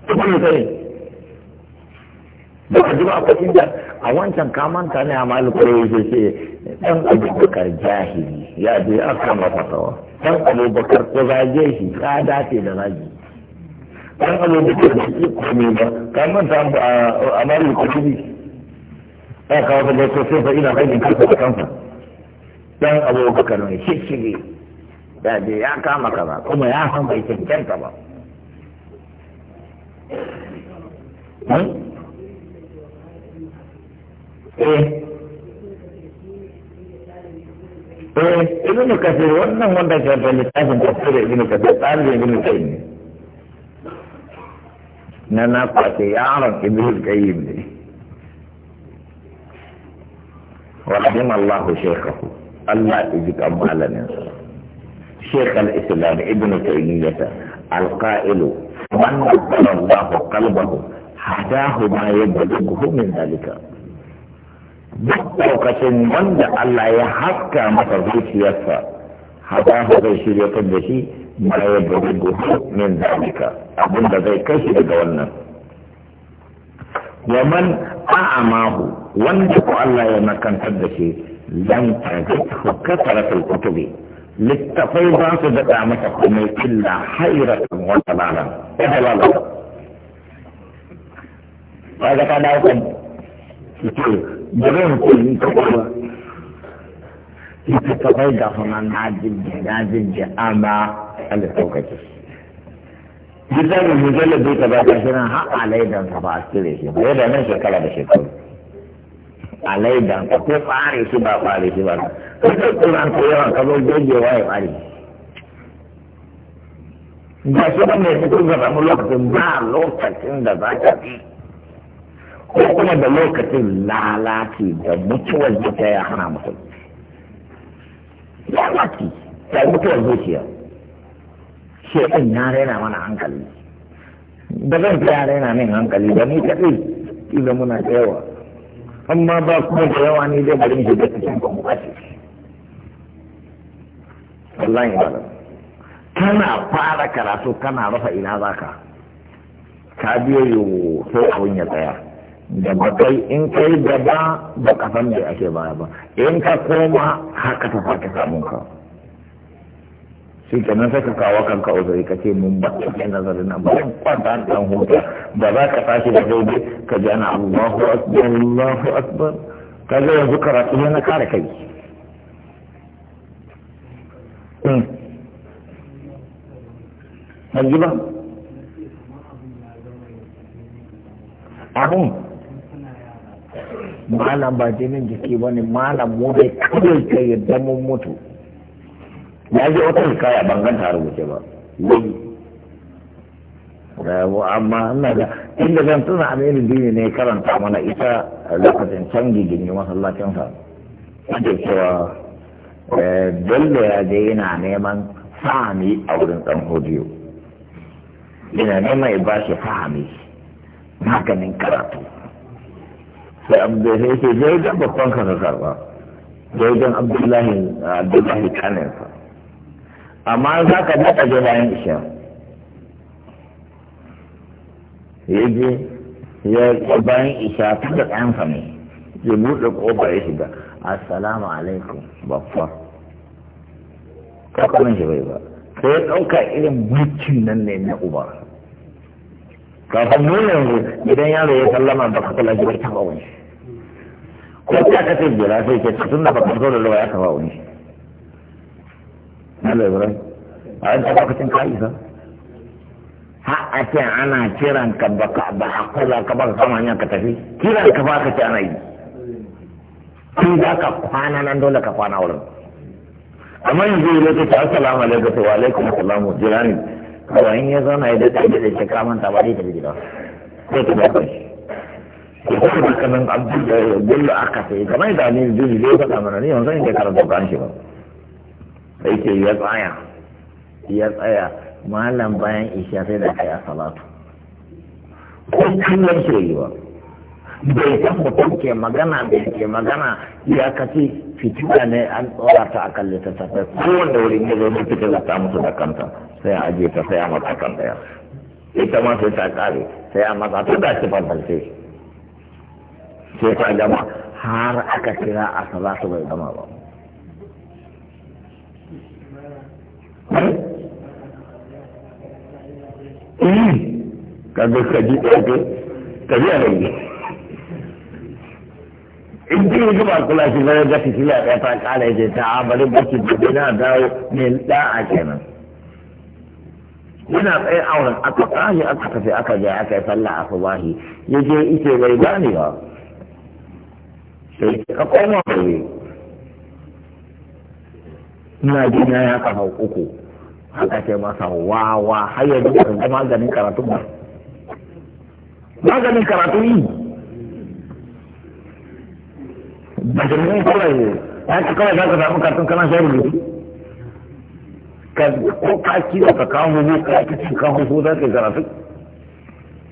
kuma ne sai ba a jima a kwashin da a wancan kaman ta ne a malikwai ya ce ce ɗan abubakar jahili ya je a kan masa tsawa ɗan abubakar ko zage shi ya dace da zage dan abin da ke da shi komai ba ka manta a malin kuɗi a kawo ta gaito sai fa ina aikin kansa da kansa dan abubakar shi shishige da je ya kama ka ba kuma ya san bai cancanta ba eh eh ibnu kasir wannan wanda ke da littafin tafsir ibnu kasir tsarin ibnu kasir ne na na kwace yaron ibn qayyim ne wa rahimallahu shaykhahu Allah ya ji kan malamin sa shaykh al-islam ibn taymiyyah al-qa'ilu man nabbara Allah qalbahu hadahu ma yabduhu min dalika duk lokacin wanda Allah ya haska masa zuciyarsa hadahu zai shirya kan da shi ma ya bari min dalika abin da zai kai shi daga wannan wa man a'amahu wanda ko Allah ya makantar da shi lan tajidu kasaratul kutubi littafai ba su daɗa masa komai illa hairatan wa dalalan wa dalalan ba ga ta dawo kan jirin kullum ta kowa littafai da sunan na jirgin na da amma Allah sauƙaƙe misalin mujallar bai ta ba ta shirin ha a laidan ka ba a cire shi ba yadda nan shekara da shekaru a laidan ka ko fare shi ba fare shi ba ko ta kuran ko yawan ka zo gogewa ya fare ba shi ba mai fito ga samu lokacin ba lokacin da za ka bi ko kuma da lokacin lalaci da mutuwar zuciya ya hana mutum lalaci da mutuwar zuciya shekan ya raina mana hankali da zan ya raina min hankali da ni kaɗai kila muna da yawa amma ba kuma da yawa ne zai bari shi da cikin kwamfashi wallahi ba kana fara karatu kana rufa ina za ka ka biyo yiwu sai abin ya tsaya da ba kai in kai gaba ba ka san me ake baya ba in ka koma haka ta sake samun ka shi kenan sai ka kawo kanka uzuri ka ce mun ba ke nazarin nan ba zan kwanta dan hoto ba za ka tashi da ka ji ana Allahu akbar Allahu akbar ka ga yanzu karatu yana kare kai hmm. ba abun malam ba jinin jiki ba ne malam mu kawai ka yadda mun mutu ya je wata hikaya ban ganta a rubuce ba yayi rabu amma ina da inda zan tuna amirin dini ne karanta mana ita lokacin can gigin yi masallacin sa ake cewa eh, bello ya je yana neman fahami a wurin dan hodiyo yana neman ya ba shi fahami maganin karatu sai abdullahi sai zai ga babban kasa karba zai gan abdullahi abdullahi kanin amma za ka buɗe zai bayan isha ya je ya bayan isha ta da ɗansa ne ya buɗe ƙofar ya shiga assalamu alaikum babba kakanin shi bai ba sai ɗauka irin mulkin nan ne na uba kafin nuna yanzu idan yaro ya sallama ba ka kula jibar taɓa wani ko ta ka jira sai ke tun da ba ka so da lawa ya taɓa wani na lura a yadda lokacin ka isa ha a ce ana kiran ka ba ka ba a kula ka ba ka kama hanyar ka tafi kiran ka ba ka ce ana yi ki za ka kwana nan dole ka kwana wurin amma yanzu lokaci assalamu alaikum wa alaikum assalamu jirani kawai in ya zauna ya daɗa da shi ka manta ba dai tafi gida sai ka dafa shi ko kuma kanan abdul gullu aka sai kamar da ne dubi zai faɗa mana ni yanzu in ka karanta ba an shi ba yake ya tsaya ya tsaya malam bayan isha sai da kai salatu ko kallon shi yi ba bai ta mutum ke magana bai ke magana ya kace fitila ne an tsora ta akan littattafai kowanne wurin ya zo da fitila ta musu da kanta sai a aje ta sai a mata kan daya ita ma sai ta kare sai a mata ta da ci fanfalce sai ta gama har aka kira a salatu bai gama ba ka ka ji ɗauke ka biya da yi in ji yi ba kula shi bayan ga fitila a na dawo ne a kenan yana tsaye a aka aka tafi aka je aka yi sallah a subahi ya je ita bai gane ka koma ina gina ya ka uku aka ce masa wawa har yanzu ba maganin karatu ba maganin karatu yi ba ta nuna kawai ya ci kawai za ka samu karatun kana shayar rubutu ko ka da ka kawo hudu ka kiwo ka hudu za ka yi karatu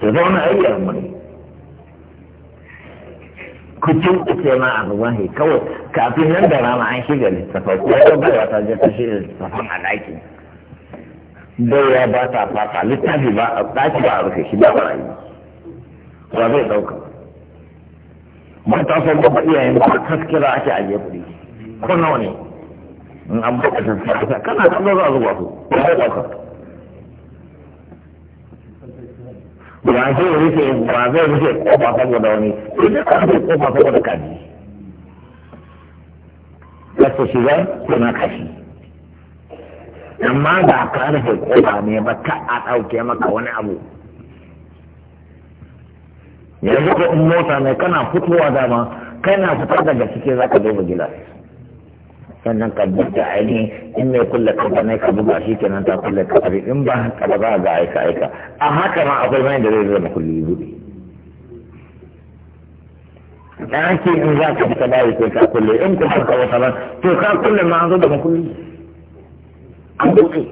ta zauna ayi a wani ku kawai kafin nan da rana an shiga littafai ko ta je ta shiga a ɗaki daura ba ta fata littafi ba a ɗaki ba a rufe shi ba ba yi ba ɗauka matasan babba iyayen ba taskira ake ajiye kuɗi ko nawa ne in an buƙatar sa kana a ba zai rufe ba zai rufe kofa saboda wani idan ka rufe kofa saboda kaji kasa shiga kuna kashi amma da ka rufe kofa ne ba ta a ɗauke maka wani abu yanzu ko in mota ne kana fitowa dama kana fitar daga za ka duba gilas sannan ka buɗe ainihin in mai kulle kafa ne ka buga shi kenan ta kulle kafa in ba ka ba za ga aika aika a haka ma akwai mai da zai zama kulli buɗe ake in za ka fita bayi sai ka kulle in kuma ka wata ba to ka kulle ma an zo da makulli a buɗe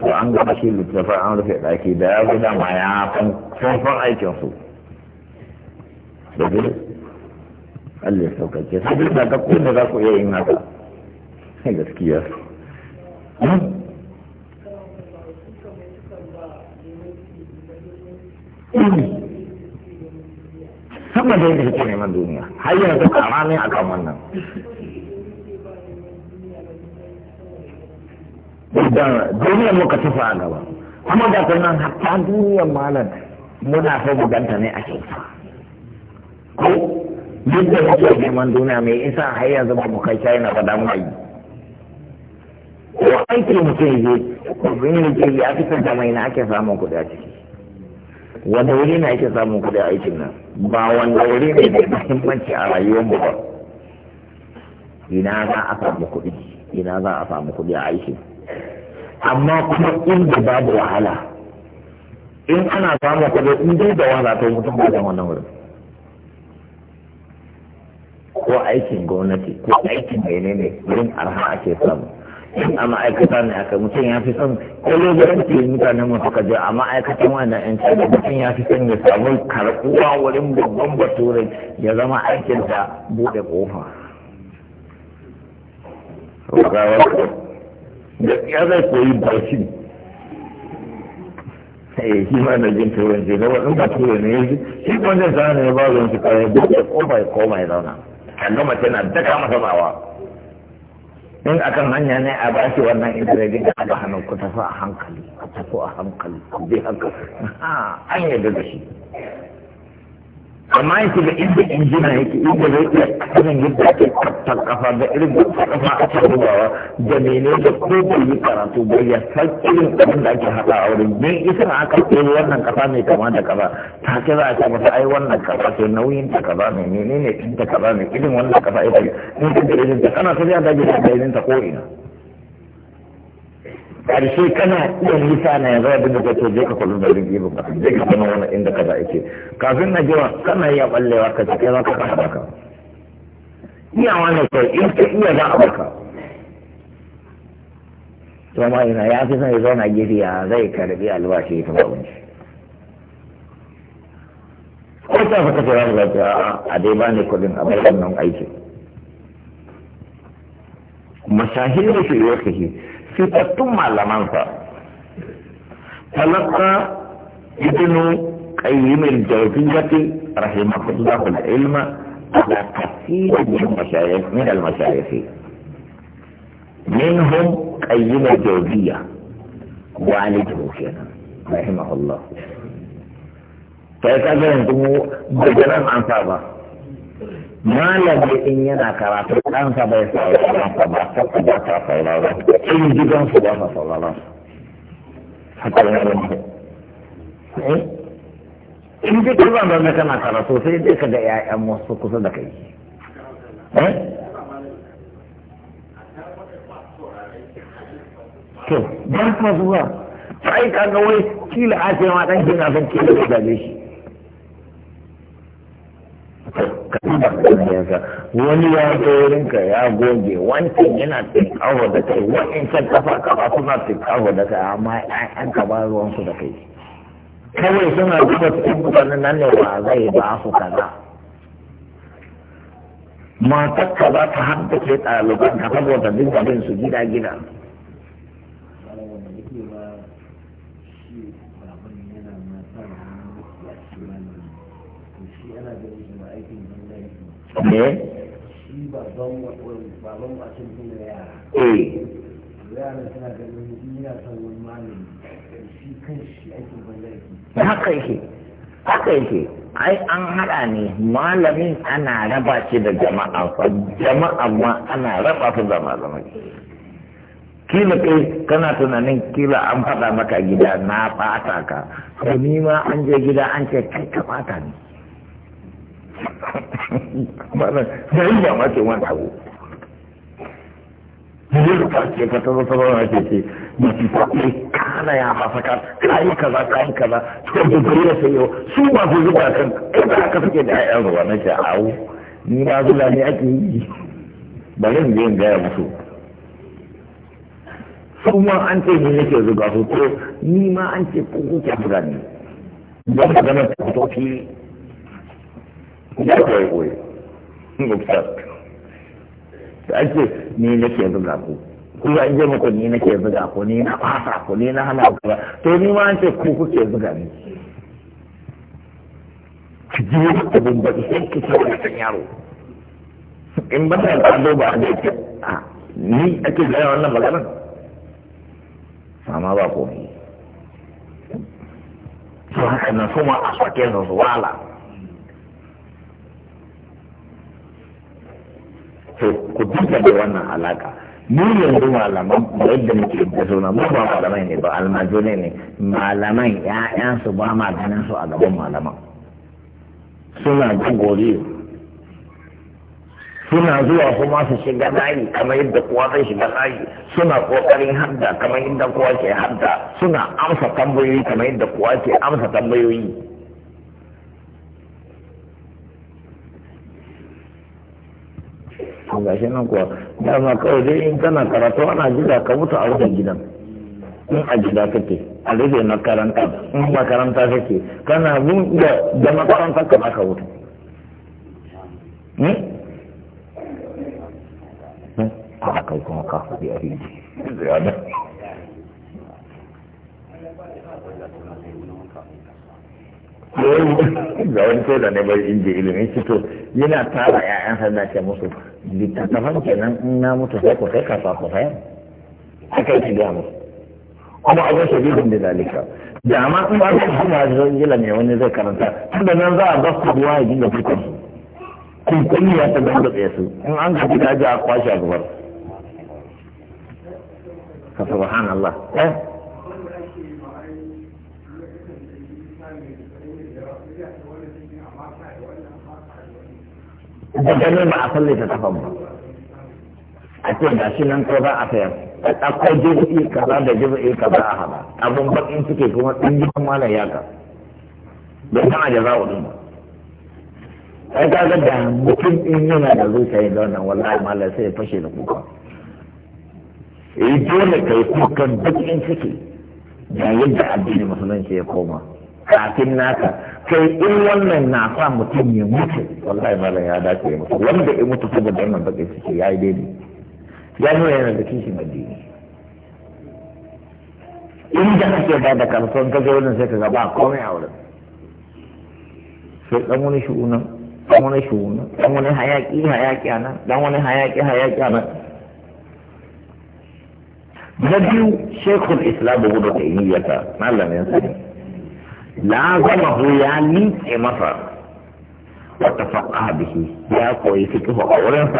to an gama shi littafa an rufe ɗaki da ya fi dama ya fanfan aikinsu da gudu Allah ya sauƙaƙe su duk da ko da za ku iya yin haka sai gaskiya hmm? sama da yadda suke neman duniya har yanzu kama a kan wannan duniyar muka tafi a gaba kuma da kunan hatta duniyar malam muna so mu ganta ne a kyauta ko duk da muke neman duniya mai isa har yanzu ba mu kai yana ba damu yi ko aiki mutum je ko bin je ya fi san mai na ake samun kuɗi a ciki wanda wuri na ake samun kuɗi a aikin nan ba wanda wuri ne da muhimmanci a rayuwar mu ba ina za a samu kuɗi ina za a samu kuɗi a aikin amma kuma inda babu wahala in ana samun kuɗi in dai da wahala to mutum ba da wannan wurin ko aikin gwamnati ko aikin da ne ne wurin arha ake samu in a ma'aikata ne aka mutum ya fi son kwallo gwamnati mutanen mu suka je a ma'aikatan wannan yan cana mutum ya fi son ya samu karkuwa wurin babban baturai ya zama aikin da bude kofa. ya zai koyi barcin eh shi ma na jin turanci da waɗanda turanci ne shi kwanjin sa ne ba zan shi kare duk da koma ya zauna kaga mace na da kama samawa in akan hanya ne a ba shi wannan intanetin da aka hannun ku tafi a hankali ku tafi a hankali ku bi hankali an yadda da shi amma ya shiga inda injina yake inda zai iya irin yadda ake kafa da irin da kafa ake bugawa da mene da kogon yi karatu bai ya san irin abin da ake haɗa a wurin bin isa na aka tsere wannan kafa mai kama da kafa ta ce za a ce masa ai wannan kafa ke nauyin ta kafa ne mene ne ta kafa ne irin wannan kafa ita ne ta irin ta kana ta da ke da irin ta ko ina. karshe kana iya nisa na yanzu abin da kake je ka kwallo da rinki ba je ka kwallo wani inda kaza yake kafin na jiwa kana iya ballewa ka ce kai za ka fara baka iya wani kai in ka iya za a baka to ma ina ya fi son zauna gefe ya zai karbi albashi ta babun shi ko ta fata ta ramu lafiya a dai ba ne kudin a bayan nan aiki masahil da shi fitattun malamansa talaka ibnu qayyim al-jawziyyati rahimahullah al-ilm ala kathir min mashayikh min al-mashayikh منهم قيم الجوزية والده كده رحمه الله فيتكلم بدلا عن صعبه malami in yana karatu bai sauraron ba ba ta sauraron in ba sauraron haka ne eh? in ji kuma ban kana karatu sai dai ka ga ƴaƴan wasu kusa da kai eh? to ba ka zuwa sai ka ga wai kila a ce ma ɗan kina zan kila ka gaje shi wani ya zo wurinka ya goge wancan yana tinkawa da kai wa'incan kafa kafa suna tinkawa da kai amma an kaba ruwansu da kai kawai suna duba cikin mutanen nan ne ba zai ba su kaza matar ka za ta ke ɗaliban ka saboda duk abin su gida gida Eh? ne eh. haka yake haka yake ai an haɗa ne malamin ana raba shi da jama'a fa jama'a ma ana raba su da malamai kila kai kana tunanin kila an faɗa maka gida na fata ka to ni ma an je gida an ce kai ka fata ni malam da yi ba mace wani abu da yi rufa ce ka tazo tazo na ce ce da ci ta kai kana ya fasa ka kayi kaza kayi kaza to da gari da sai yau su ba su zuba kan ai ba haka suke da ayyan ruwa na ce awo ni na zula ne ake yi ba in je in gaya musu su ma an ce ni nake zuga su to ni ma an ce ko kuke zuga ni don magana ta fito fili ya koyi koyi muktar da ake ni nake zuga ku ku an je muku ni nake zuga ku ni na fasa ku ni na hana ku to ni ma an ce ku kuke zuga ni ki ji abin baki sai ki ce yaro in ba ta ta duba a jiki a ni ake gaya wannan maganar amma ba komai to haka na suma a sake su wala to ku duka da wannan alaka mu yanzu malaman yadda muke da suna mu ba malamai ne ba almajirai ne malaman ƴaƴansu ba ma ganin su a gaban malaman suna jin gori suna zuwa kuma su shiga layi kamar yadda kowa zai shiga layi suna kokarin hadda kamar yadda kowa ke hadda suna amsa tambayoyi kamar yadda kowa ke amsa tambayoyi to ga shi nan kuwa dama kawai dai in kana karatu ana gida ka mutu a wajen gidan in a gida kake a rufe makaranta in makaranta kake kana bin da da makaranta ka aka mutu hmm? hmm? a kai kuma ka fadi a da. ga wani soja ne bai inji ilimin shi to yana tara ƴaƴan sanda ke musu littattafan kenan in na mutu sai ku ka kasuwa ku sayar haka yake gaya musu kuma abin da zalika da amma in ba su wani zai karanta tunda nan za a ba su ruwa ya dinga su kunkuni ya ta su in da gani ba a sallai ta tafan ba a ce ga shi nan ko za a sayar a ɗaukar jirgi kaza da jirgi kaza a haɗa abin bakin suke kuma ɗan jirgin malam ya ka bai san a jaza'u ɗin ba ai ga da mutum in yana da zuciya da wannan wallahi malam sai ya fashe da kuka eh dole kai kukan in ciki da yadda addini musulunci ya koma kafin naka kai in wannan na sa mutum ya mutu wallahi malam ya dace ya mutu wanda ya mutu saboda wannan baka ciki ya yi daidai ya nuna yana da kishin addini inda ake ba da karfin ka ga wannan sai ka ga ba komai a wurin sai dan wani shugunan dan wani shugunan dan wani hayaki hayaki anan dan wani hayaki hayaki anan na biyu shekul islam gudu ta yi yata malamin sani لازمه يا لي مصر وتفقه به يا قوي فكه اورنس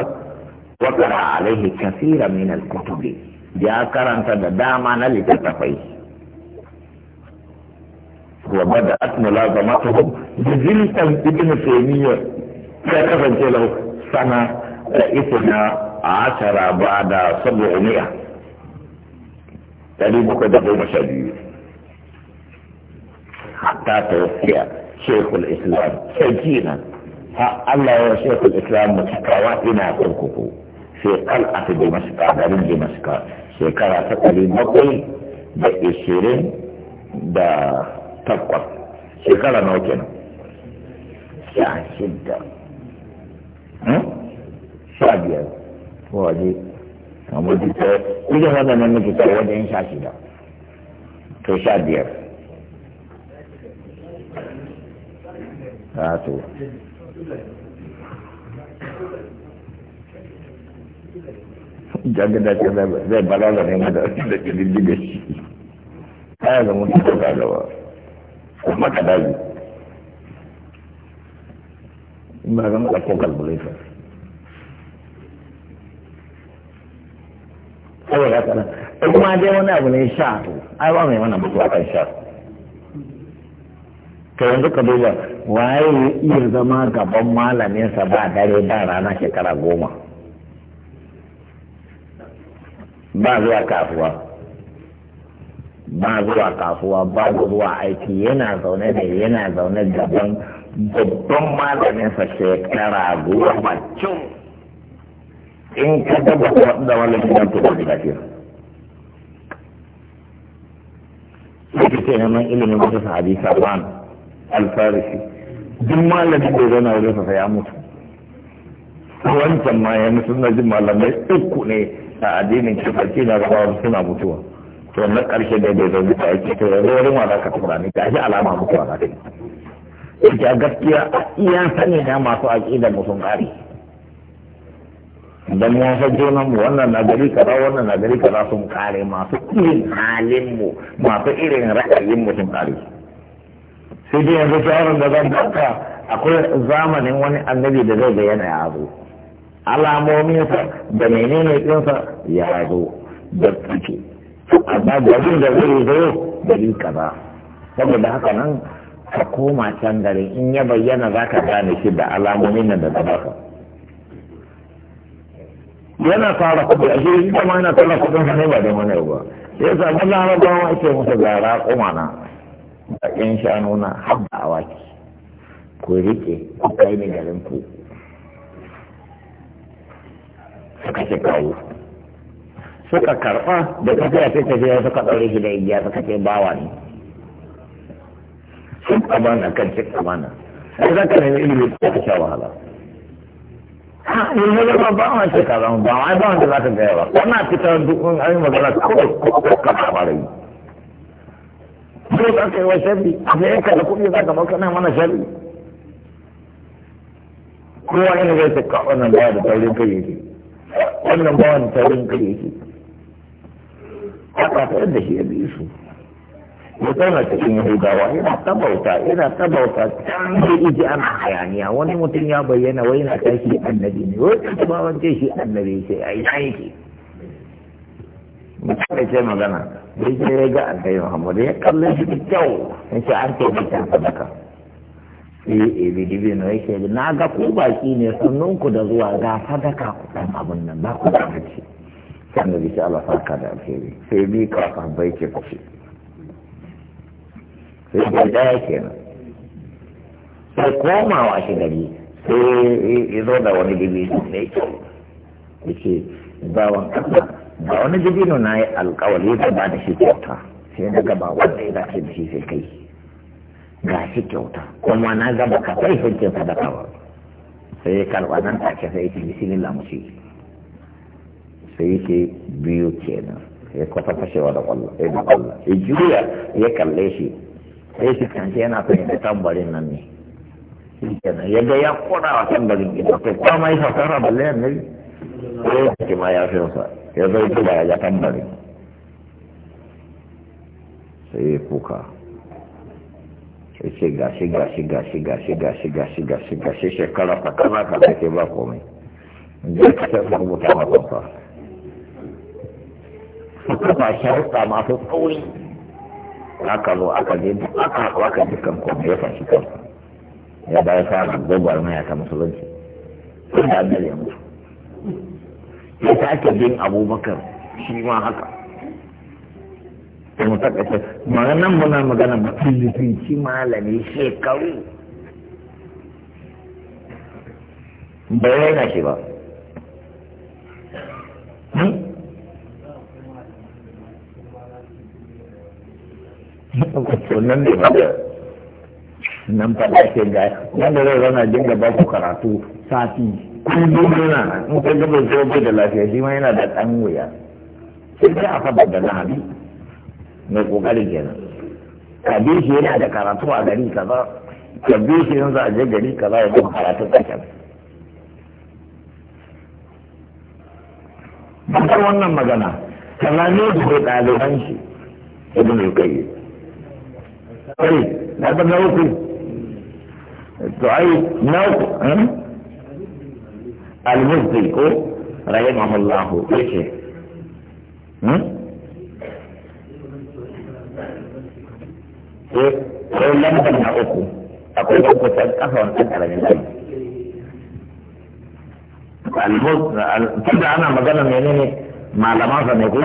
وقرا عليه كثيرا من الكتب يا كرنت داما نلتفي وبدات ملازمته بزلتا ابن تيميه كتب له سنه رئيسنا عشر بعد سبعمائه تاني مكتب مشاهير hatta tawfiya shekul islam sakina ha Allah ya shekul islam mutakawa ina kurkuku sai kal a ta dimashka garin dimashka shekara ta da ishirin da takwas shekara nawa kenan sha shidda sha biyar waje kamar ta kujan wadannan nake ta wajen sha to sha biyar to jagada ce zai bala da nema da da kididdiga shi kaya zama ko kuka gaba kuma ka daji in ba zama da kokal bulaifa saboda haka nan kuma dai wani abu ne sha to ai ba mai mana mutuwa kan sha ka yanzu ka duba waye ya iya zama gaban malaminsa ba dare ba rana shekara goma ba zuwa kasuwa ba zuwa kasuwa ba zuwa aiki yana zaune da yana zaune gaban babban malaminsa shekara goma cin in ka tabbata da malamin nan to ba lafiya ke ce neman ilimin wata sahabi saban alfarisi duk malamin da zana wajen sa ya mutu wancan ma ya mutu na jin malamai uku ne a addinin kifarki na rabawa suna mutuwa to na karshe da bai zo mutu yake to yanzu wani ma za ka tura ne ga shi alama mutuwa na ta yi ita gaskiya iya sani na masu aƙidar mu sun ƙare dan mu san junan mu wannan na gari kaza wannan na gari kaza sun ƙare masu irin halin mu masu irin ra'ayin mu sun sai dai yanzu shawarar da zan baka akwai zamanin wani annabi da zai bayyana ya zo alamominsa da menene ɗinsa ya zo da take amma da abin da zai zo gari kaza saboda haka nan ka koma can gare in ya bayyana za ka gane shi da alamomin nan da baka yana fara kuɗi a shi ita ma yana tara kuɗin sa ne ba da wani ba ya samu larabawa ake musu gara kuma na a shanu na har da awaki ku riƙe ku kai ne garin ku suka ce kawo suka karɓa da tafiya sai tafiya suka ɗaure shi da igiya suka ce bawa ne sun amana kan cin amana sai za ka nemi ilimi da ka sha wahala ha yanzu zama ba ce shekara ba wa ai ba wanda za ka gaya ba kana fitar duk an yi magana kawai ko ka fara yi ko za ka yi wa sharri a sai yanka da kuɗi za ka bauta na mana sharri kowa ina zai ta ka wannan bawa da taurin kai yake wannan bawa da taurin kai yake haka ta yadda shi ya bi su ya zauna cikin yahudawa yana tabauta yana tabauta can sai iji ana hayaniya wani mutum ya bayyana wai yana ta shi annabi ne wai ta ba shi annabi sai a yi yake mutum da ce magana da ya ga annabi muhammadu ya kallon shi kyau in ce an tafi ta sadaka sai ebi dibi na yake na ga ku baki ne sannan ku da zuwa ga sadaka ku dan abun nan ba ku da kace sai annabi bisa Allah saka da alheri sai bi ka bai ke ku sai da daya kenan sai komawa shi gari sai ya zo da wani dibi ne kyau yake bawan Allah ga wani jibino na yi alkawali da ba da shi kyauta sai na gaba wanda ya dace da shi sai kai ga shi kyauta kuma na gaba ka kai hujjar sadakawa sai ya karɓa nan take sai ya ce bismillah mu sai ke biyu kenan sai kwata fashewa da kwallo sai eh, da kwallo ya juya ya kalle shi sai shi kanshi yana son yadda tambarin nan ne kenan ya ga ya kora wa tambarin ita kai kuma ya fasara balle ne sai ya ce ma ya fi wasa ya zai gida ya tambari sai ya kuka sai ce gashi gashi gashi gashi gashi gashi gashi gashi shekara ta kaza ka da ba komai zai kasar da rubuta ma kwamfa suka ba sharuɗa masu tsauri aka zo aka je aka haɗu aka dukkan komai ya fashi kansa ya bayan sa gobar mai kama musulunci sun da ya mutu ya ake bin abubakar shi ma haka kuma ta ƙasa nan muna magana ba filifinci malami shekaru ba yana shi ba wannan hmm? ne ba nan da ke ga wanda zai zana dinga ba ku karatu sati kullum yana nan in ka gaba zai da lafiya shi ma yana da ɗan wuya sai dai a faɗa da lahadi mai ƙoƙari kenan ka bi shi yana da karatu a gari kaza ka bi shi yanzu a je gari kaza ya gama karatun ƙasar bakar wannan magana kalame da ke ɗaliban shi ibn al-qayyim kai na ga na uku to ai na uku hmm? al-muzdi ko rahimahullahu yake hmm? eh, ko lambar na uku akwai da uku ta kafa wani ɗan ƙaramin ɗan tunda ana magana menene malaman sa ne ko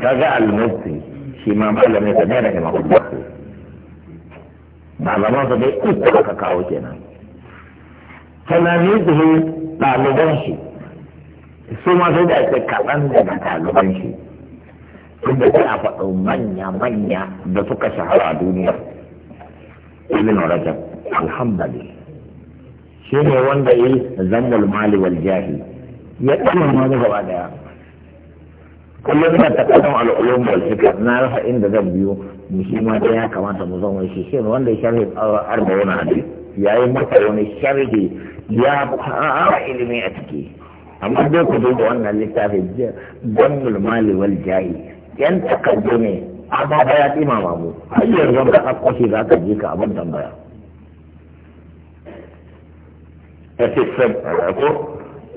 kaga al-muzdi shi ma malamin sa ne rahimahullahu malaman sa dai uku aka kawo ɗaliban shi su ma sai da ake kaɗan daga ɗaliban shi Tun da ta faɗo manya-manya da suka shahara a duniya ibn rajab alhamdulillah shi ne wanda yi zangal mali wal jahi ya ɗaya ma da gaba daya kullum ina takardun al'ulum wal fikr na rasa inda zan biyo mu shi ma ɗaya ya kamata mu zama shi shi wanda ya sharhi uh, arba'una ya yayi masa wani sharhi ya fara ilimi a ciki amma dai ku duba wannan littafi dannul mali wal jahi yan takardu ne amma ba ya ɗimama mu har yanzu ka a shi za ka je ka abin tambaya ya ce eh, ko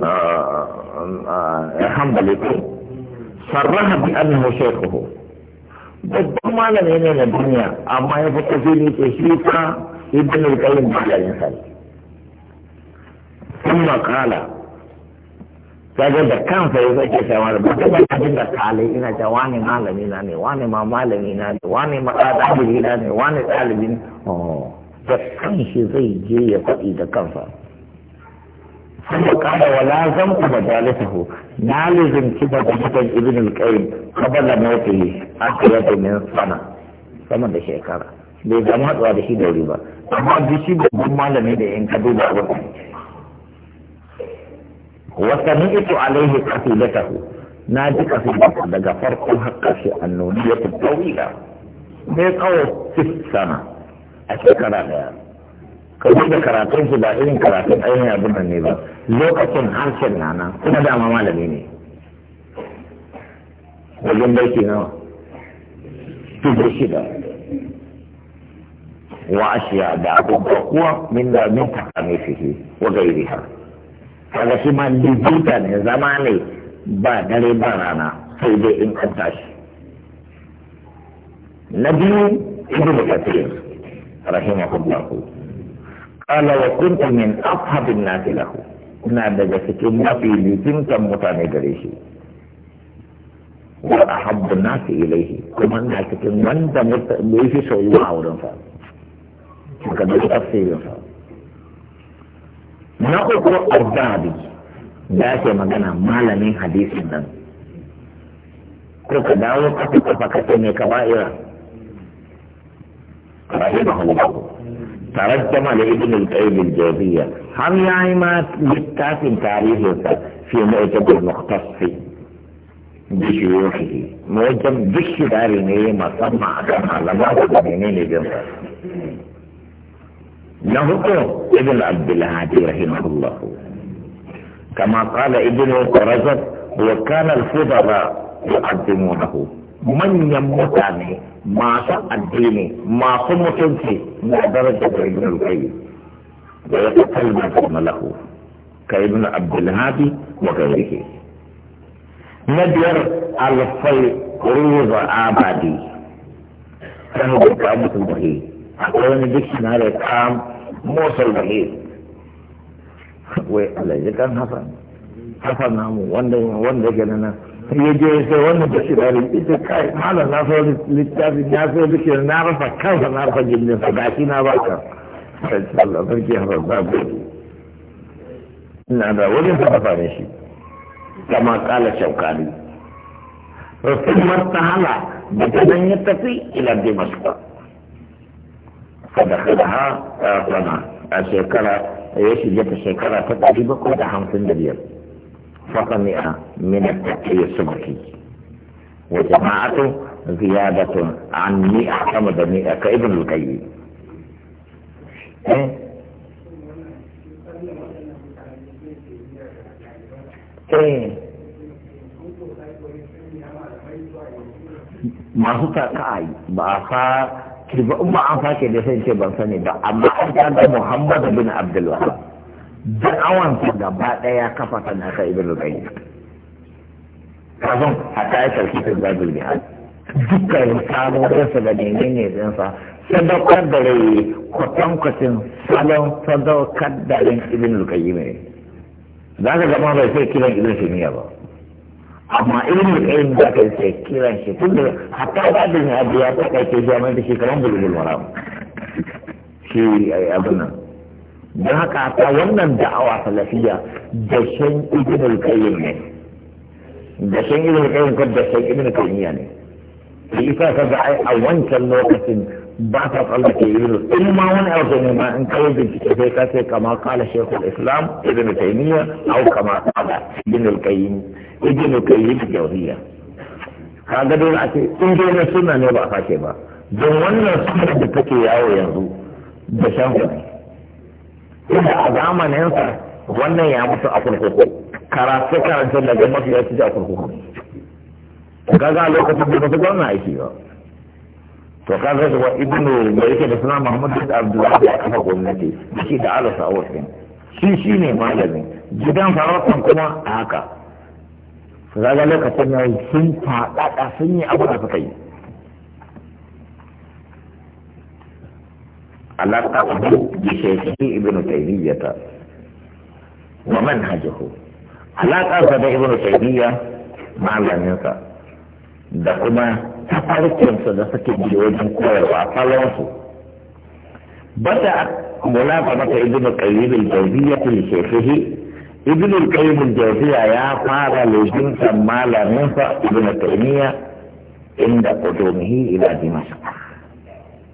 eh, eh, hambali ko sarraha bi annahu shaykhuhu babban malami ne na duniya amma ya fito fili ke shi ka ibn al-qayyim ba yayin sai kuma kala kaga da kansa ya sake cewa da ba kuma abin da kale ina ta wani malami na ne wani ma malami na ne wani ma ɗalibi na ne wani ɗalibi ne oh, da kanshi zai je ya faɗi da kansa ثم قال ولازمت مجالسه نالزم كده بمثل kaba القيم قبل موته da min sana sama da shekara bai zama haɗuwa da shi da wuri ba amma duk shi babban malami da in ka duba abin وسمعت عليه daga نادي قصيدته لقى فرق الحق في النونية الطويلة بقوة ست سنة أشكرا لها kamar da karatun su ba irin karatun ainihin abin nan ne ba lokacin harshen na nan kuma dama malami ne wajen baiki nawa tuzo shida wa ashiya da abubuwa min da min har. kaga shi ma ne zama ne ba dare ba rana sai dai in an tashi na biyu ibnu kathir rahimahullahu qala wa kuntu min ashabin nas lahu ina daga cikin mafi litintan mutane gare shi wa ahabbu nas ilayhi kuma ina cikin wanda ya fi soyuwa a wurin sa kaga tafsirin sa na uku al da ake magana malamin hadisin nan ko ka dawo kafa kafa kace mai kaba'ira rahimahullah ترجم لابن القيم الجوزية هم يعني ما بالتاف تاريخ في مؤتمر المختص بشيوخه موجم بالشدار ما صنع كما لما تبنيني جنبه نهضه ابن عبد الهادي رحمه الله كما قال ابن رجب وكان الفضلاء يقدمونه من يموتاني ما شاء الدين ما في ما درجة ابن القيم ويقتل ما كان له كابن عبد الهادي وغيره الفيض روض آبادي كان بكامة المهيد akwai wani dictionary motsar da ne wai alaji kan hasan hasan namu wanda gani nan ya je sai wannan ita kai malam na so littafi na so duke na rasa kansa na rasa jirgin sa gashi na baka Allah sarki hasan babu ina da wajen tafafa ne shi kama kala shaukani ثم ya فدخلها طمع آه، الشيكرة آه، ايش جت الشيكرة تقريبا كنت حمسين دليل فطمئ من التكفير السبكي وجماعته زيادة عن مئة حمد مئة كابن القيم ايه ايه ما هو كاي بقى kirba umma an sake da sai ce ban sani ba amma an ga muhammad bin abdul wahab dan awan sa gaba daya kafa ta ka ibnu qayyim hatta ya sarki da zabul bihar dukkan da rasa da dan sadaukar da rai kwatankwacin salon sadaukar da rai ibn al ne za ka gama bai sai kiran ibn taymiya ba amma irin da irin da aka yi sai kiran shi tun da hatta ba da ya biya ta kai ke shi da shekarun bulbul maram shi eh, abin nan don haka ta wannan da'awa lafiya da shan ibnul qayyim ne da shan ibnul qayyim ko da shan ibnul qayyim ne shi isa ka ga a wancan lokacin ba ta tsallake yunus in ma wani abu ne ma in kawai bincike sai ka ce kama kala shekul islam ibn taymiya au kama kala ibn al-qayyim ibn al-qayyim Ka kaga dole a ce in dai na sunna ne ba a ba don wannan sunna da take yawo yanzu da shan ne inda a zamaninsa wannan ya mutu a kurkuku karatu karatu daga mafi ya ci a kurkuku kaga lokacin da ba su gwamna aiki ba to ka zai wa ibnu da yake da suna muhammad bin abdullahi a kafa gwamnati da shi da ala a din shi shi ne malamin gidan farautan kuma a haka su zaga lokacin yau sun faɗaɗa sun yi abu da suka yi alaƙa da shekaru ibnu ta. wa man manhajahu alaƙa da ibnu taymiyya malaminsa da kuma tafarkinsu da suke bi wajen koyarwa salonsu bata mulazamata ibn qayyim al fi li ibn qayyim al-jawziyyah ya fara lejinta malamin sa ibn taymiya inda qudumihi ila dimashq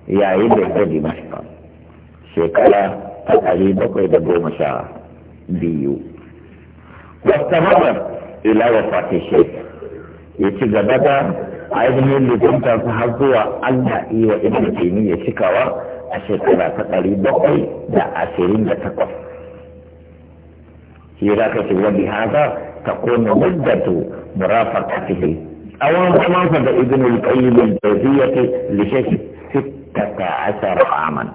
yayin da ta dimashq shekara ta ɗari bakwai da goma sha biyu wasu ila wafatin shekara ya ci gaba da ainihin litinta ku har zuwa Allah yi wa ibn Taymiyyah cikawa a shekara ta ɗari bakwai da ashirin da takwas. Shi za ka ce wani haza ta kone muddatu murafaka fihi. kuma fa da ibn al-Qayyim al-Jawziyyah li shaykh sittata ashara aman.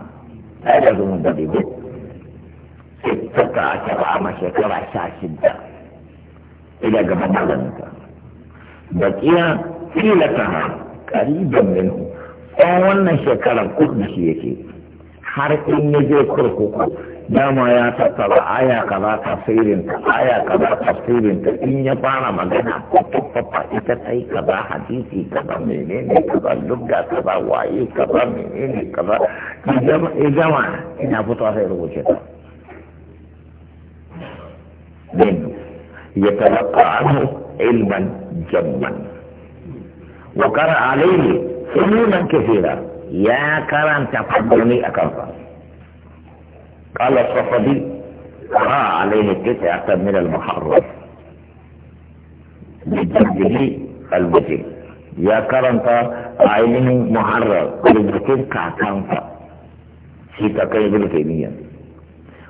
Ai da zumun da bibi. Sittata ashara aman shekara sha shidda. Ila gaban malamta. Bakiya kilataha qariban minhu ɗan wannan shekarar shi yake har in ya je kurkuku dama ya tattara aya kaza tafsirinta aya kaza tafsirinta in ya fara magana kwakwakwakwa ita ta yi kaza hadisi kaza menene kaza lugga kaza waye kaza menene kaza ya gama ina fito sai rubuce ta ya talaka anhu ilman jamman وقرأ عليه سلوما كثيرة يا كرم تفضلني أكثر قال الصفدي قرأ عليه اكثر من المحرم بجده المجيب يا كرم عينه محرم لجده كعكانفة في كيبل كيميا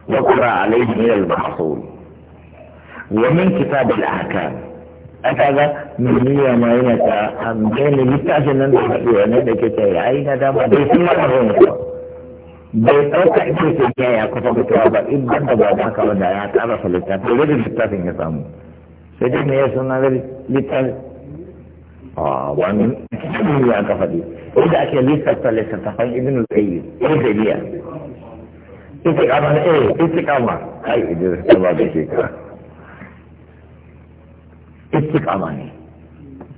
وقرأ عليه من المحصول ومن كتاب الأحكام a kaga miliyan na yana ta um, amfani da littafin nan da haɗu wani da ke ta yayi na dama bai sun mara zai ba bai ɗauka ita ce ya ya kusa fitowa ba in ban da ba da haka ba da ya ƙara sa littafin da littafin ya samu sai dai me ya suna da littafin a wani cikin ya aka faɗi inda ake littafin littafin ibn al-qayyim ko da biya istiqama eh kama ai idris ta ba da shekara اتك اماني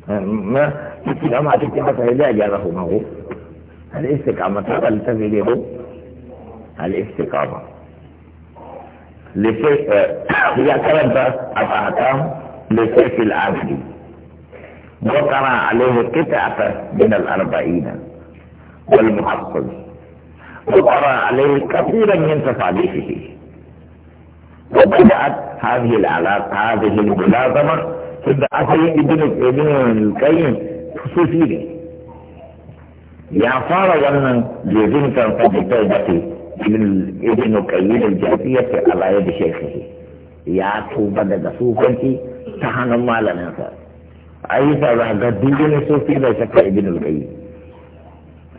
يعني. ما اتك اما اتك اما فهي لأي انا هو ما هو هل اتك اما تبقى لتفي هل اتك اما آه، هي كلام بس افعتام لسيف العزل وقرا عليه قطعة من الأربعين والمحصل وقرى عليه كثيرا من تصاليحه وبدأت هذه العلاقة هذه الملازمة tunda asalin ibnu ibnu qayyim sufi ne ya fara wannan jejin kansa da ke ibnu qayyim al-jafiyyati alaye da shaykhihi ya tuba daga sufanci ta hannun malaminsa ayyuka za ga dukkan sufi da shakka ibnu qayyim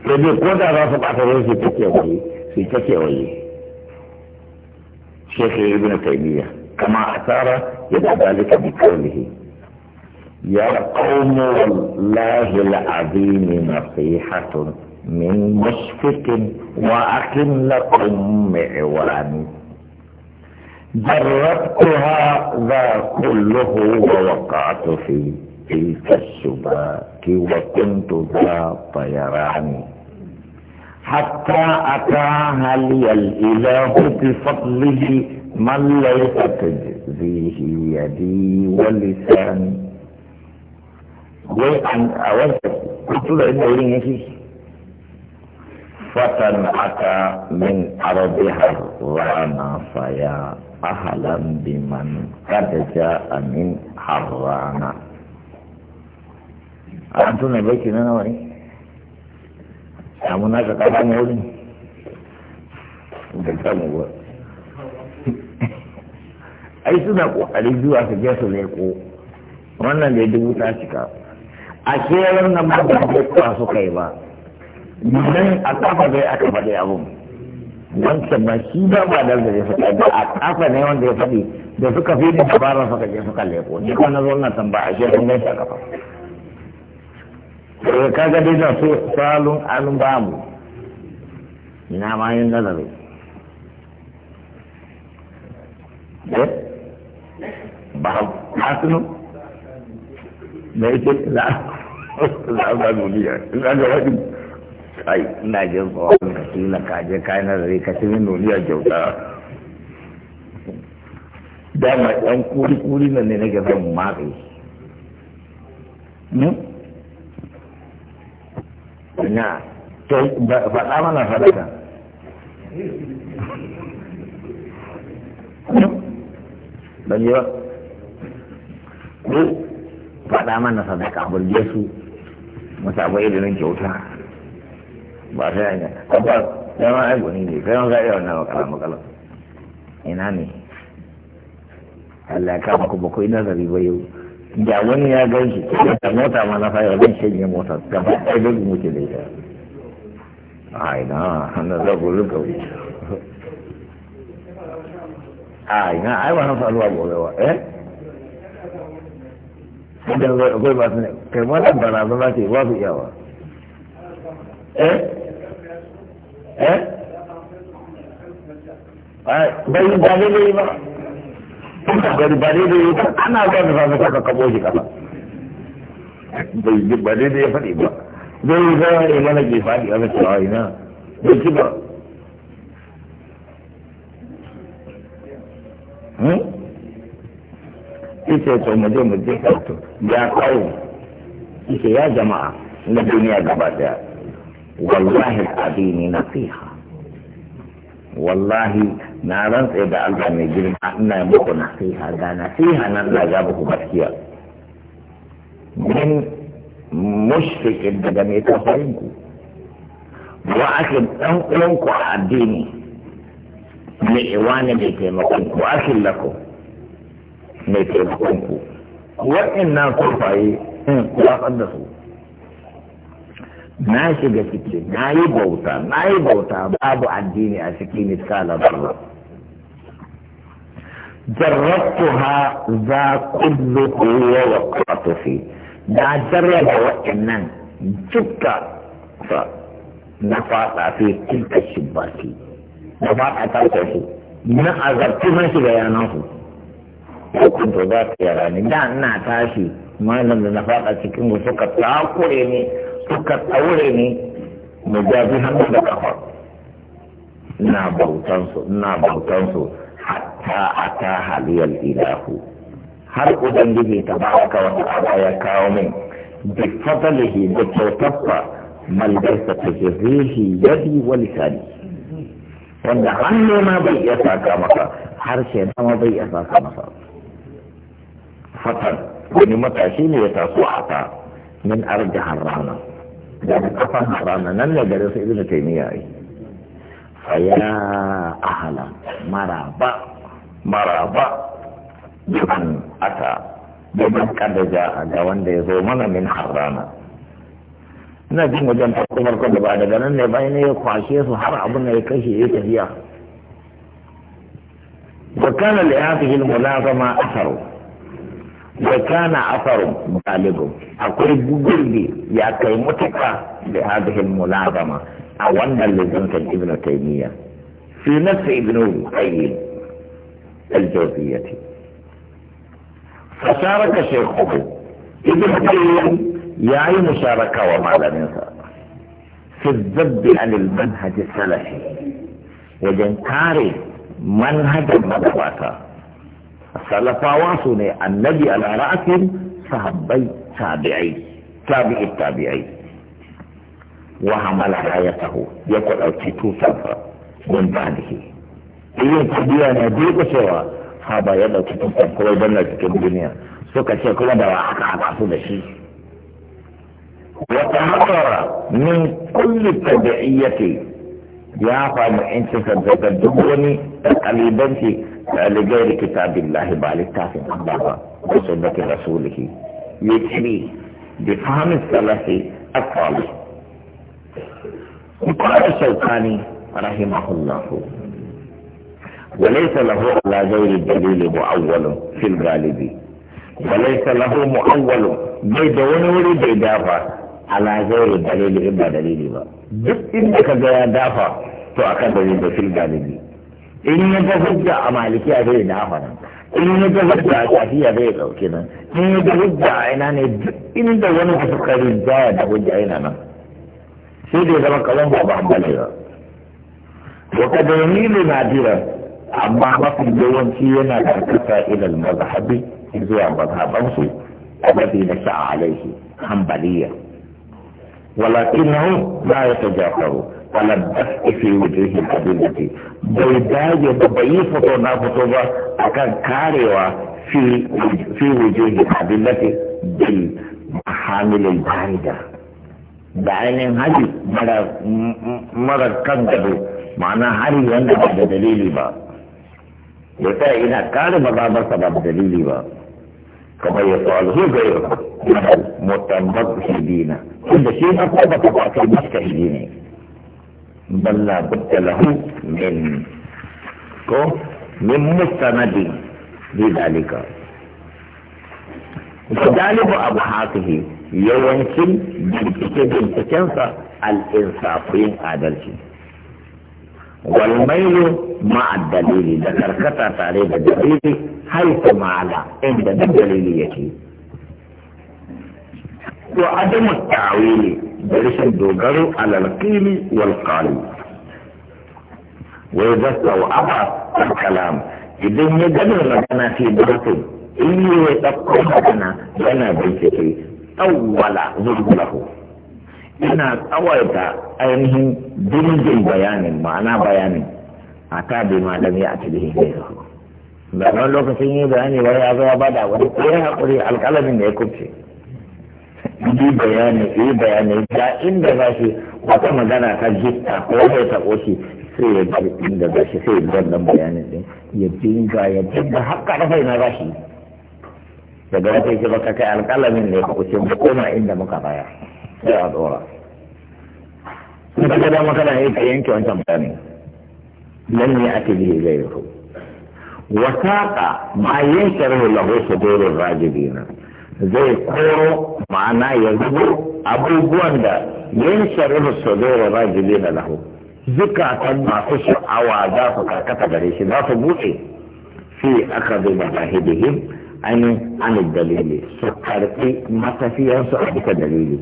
sai dai ko da za su bata rai su take waye su take waye shaykhi ibnu taymiyya kama asara yadda dalika bi qawlihi يا قوم والله العظيم نصيحة من مشفق وأكن لكم معواني جربتها ذا كله ووقعت في تلك الشباك وكنت ذا طيران حتى أتاها لي الإله بفضله من ليس تجزيه يدي ولساني wai an a wanda kutura inda wurin yake fatan aka min wa na faya ahalan biman kada ja amin harrana an tuna bai ke nawa wani samu na ka kafa mu wurin da samu ba ai suna kokari zuwa su gesa ne ko. wannan da dubu ta cika a kewan nan ba da kuwa suka yi ba nan a kafa zai aka faɗi abun wancan ba shi ba ba da zai suka yi ba a kafa ne wanda ya faɗi da suka fi da dabarar suka je suka leko ni kuma na zo na tamba a shi sun gaisa kafa daga eh, kaga dai da su salon alun bamu ina ma yin nazari eh? ba hasinu me yake la ba ina ga wani ai ina jin ka ka ka ci min duniya kyauta dama yan kuri kuri nan ne nake matsi hmm? na faɗa mana sadaka hmm? ban yi ba faɗa mana sadaka burge su bai da nan kyauta ba sai an yi kwakwar sai ma ai goni ne sai ma ga iya wannan makala makala ina ne Allah ya kama ku ba ku nazari ba yau da wani ya gan shi da mota ma na fara zan shanye mota ba ai da mu ke da ita ai na hannun za ku rika wuce ai na ai wannan na faruwa gobe wa eh idan akwai ba su ne kai ma nan ce ba su iyawa eh eh bai ba ana da samu kaka kabo shi kasa bai ya faɗi ba zai mana ke faɗi a mace ina bai ci ba hmm? ita to muje muje mu je karatu ya kawo ita ya jama'a na duniya gaba daya wallahi abini nasiha wallahi na rantse da Allah mai girma ina muku nasiha ga nasiha nan na ga muku gaskiya min mushfiqin daga mai tafarin ku wa ake dan uwanku a addini ne iwani mai taimakon ku akin lakum mai taimakon ku wa'annan kurfaye in hmm, kwasar da su na shiga ciki na yi bauta na yi bauta babu addini a ciki misalan Allah jarrabtuha za kullu huwa wa qatu da jarraba wa'annan jukka fa na fada fi tilka shibati na fada ta su na azabtu na shiga yanan su to za ta yara ni da ina tashi malam da na faɗa cikin mu suka takure ni suka tsaure ni mu bi hannu da kafa ina bautan su ina bautan su hatta ata haliyal ilahu har ubangiji ba wa wasu ya kawo min bi fadalihi da kyautarsa malgaisa ta jirrihi yadi wa lisani wanda hannu ma bai iya saka maka harshe ma bai iya saka maka fatar wani matashi ne ya taso ta min arda harrana da kafan harrana nan ne gare su ibnu taymiya ai fa ya ahala maraba maraba an ata da man kada ja ga wanda ya zo mana min harrana ina jin wajen farko farko da ba daga nan ne bayan ya kwashe su har abin da ya kashe ya tafiya وكان na الملازمة أثره وكان أثر غالبه أقول بقلبي يا كلمتك لهذه الملازمة أولا لزمة ابن تيمية في نفس ابن القيم الجوزية فشارك شيخه ابن تيمية يعي مشاركة وما لم يفعل في الذب عن المنهج السلفي وجنكار منهج المدرسه salafawa su ne annabi ala ra'asin sahabbai tabi'ai tabi'i tabi'ai wa hamala hayatahu ya ku dauki tusansa don balihi irin tabiya na duka cewa ba ya dauki tusan kawai don na cikin duniya suka ce kuma da aka haɗa su da shi wata haɗara min kulli tabi'iyyati ya famu 'yancin sa daga duk wani ɗalibanci ligayar kitabin lahi ba littafin Allah ba ko sabbatin rasulihi ya ce ne da fahimin salafi a kwalu ko a sauka ne a rahimahullahu وليس له bai da wani wuri bai dafa وليس له dalilin ba ونور ba. على غير ka gaya dafa to a إنك دافا تؤكد في الغالب in ya ga hujja a maliki a zai da hana in ya ga hujja a a zai dauki nan in ya ga hujja a ina ne inda wani ka suka rinjaya da hujja ina nan sai dai zama kalan ba ba ambale ba wa ne na nadira amma mafi yawanci yana da kasa ilal mazhabi zuwa mazhabansu الذي نشأ عليه حنبلية ولكنه ta jafaru wala dafi fi wujuhi kabilati bai dage da bai yi fito na fito ba akan karewa fi fi wujuhi kabilati bil mahamil jarida da ainihin hari mara kan gado ma'ana hari wanda ba da dalili ba ya tsaya ina kare mazabarsa ba da dalili ba kamar ya tsawal su ga yau mutambar hidina tunda shi na kuma ba ta kwatar maska hidina balla buttalahu min ko min mustanadi bi dalika ko abu hakihi yawancin dinke din tsakanka al adalci wal mayl ma da karkata tare da dalili hal kuma ala inda dalili yake to adamu tawili da rashin dogaro alal qili wal qali wa idza a kalam idan ya gano magana ke batin in yi ya dauko magana yana bincike tawwala nurbulahu ina tsawaita ainihin dingin bayanin ma'ana bayanin a ta bi ma lam ya ci da ba lokacin yi bayani ba ya zo ya bada wani ko ya haƙuri alƙalamin da ya kubce yi bayani yi bayani ga inda za shi wata magana ta jitta ko bai ta ƙoshi sai ya bar inda za shi sai ya bar nan bayanin din ya dinga ya dinga haka da na za shi daga wata yake baka kai alƙalamin ne ka kuce mu koma inda muka baya sai a tsora in ka gada maka na yi ka yanke wancan bayanin nan ne ake bihe zai yi wasaƙa ma yanke rahu lahu su dorin rajibina zai koro ma'ana ya zubo abubuwan da yin sharifu sodoro rajili na lahu zukatan masu sha'awa za su karkata gare shi za su buɗe fi aka zai mazahidihim ainihin an dalili su karfi matafiyansu a duka dalili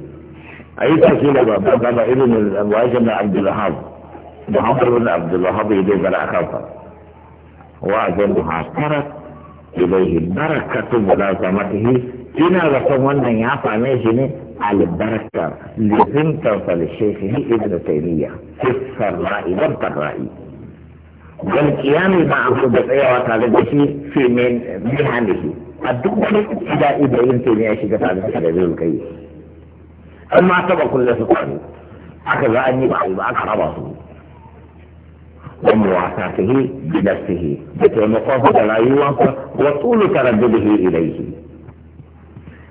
a yi tafi da babban gaba irin wajen da abdullahab muhammad bin abdullahab ya dogara a kansa wa'azin muhasarar ilaihi barakatu mulazamatihi ina zaton wannan ya same shi ne albarka lizintar falishefi ni ibn taymiya fissar ra'i dan ra'i kiyami ba a abu da tsayawa tare da shi fi da shi. a duk wani ibtida'i da yin taymiya shiga tare da zai kai ma taba kulle su kwani aka za a yi ba ba aka raba su wa muwasatihi bi nafsihi da taimakon da rayuwarsa wa tsulu taraddudihi ilayhi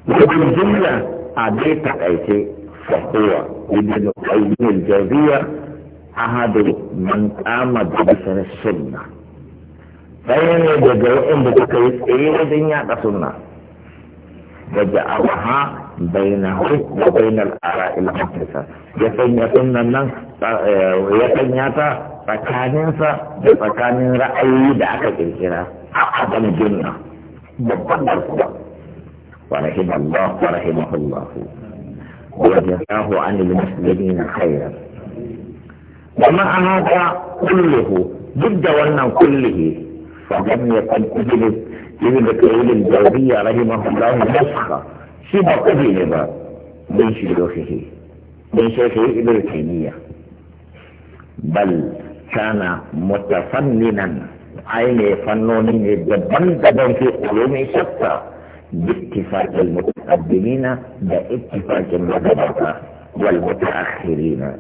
wajen jumla a dai takaice fahuwa ibn qayyim al a ahadu man qama bi bisar sunna ɗaya ne daga waɗanda suka yi tsaye wajen yaɗa sunna da ja'awaha bainahu wa bainal ara'il muhtasa ya sanya sunnan nan ya sanya ta tsakaninsa da tsakanin ra'ayi da aka kirkira a kan jinna babban garkuwa ورحم الله ورحمه الله وجزاه عن المسلمين خيرا ومع هذا كله ضد ولنا كله فلم يكن ابن ابن كريم الجوزية رحمه الله نسخة سوى قبل من شيوخه من شيخه ابن تيمية بل كان متفننا عين فنونين دبن في علوم شتى باتفاق المتقدمين باتفاق المتبقى والمتأخرين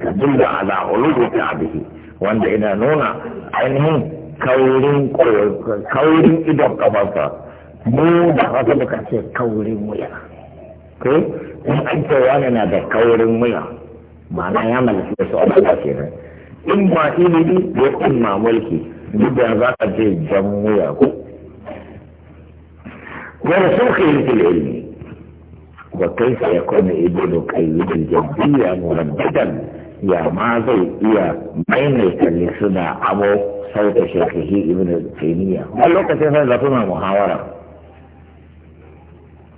تدل على علو كعبه وان إنا نونا عينه كورين كورين إدم قبضة mu da hausa muka ce kaurin wuya ko in an ce wani na da kaurin wuya ma'ana ya mallaki da su a ba in ma ilimi ko in ma mulki duk da za ka ce jan wuya ko ورسوخه في العلم وكيف يكون ابن قيد الجدية مرددا يا ماضي يا ميميت يتلسنا سنع صوت شيخه ابن تيمية قال كثيرا لطنا محاورة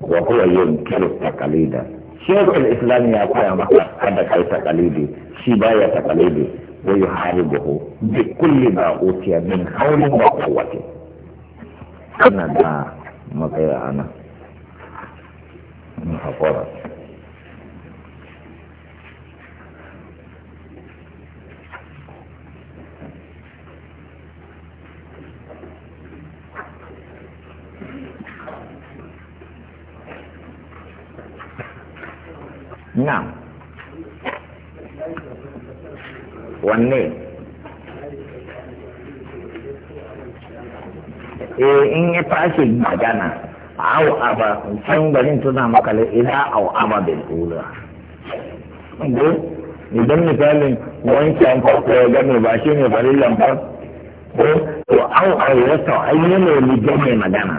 وهو ينكر التقاليد شيخ الإسلام يا مكة هذا كي تقليدي شباية تقليدي ويحاربه بكل ما أوتي من حول وقوة أنا matsaya a nan one name. eh in ya tashi magana au aba san garin tuna maka la ila au aba bil ula idan misalin an farko ya game ba shi ne farillan ba ko to au au ya ta ayyana ne mu gane magana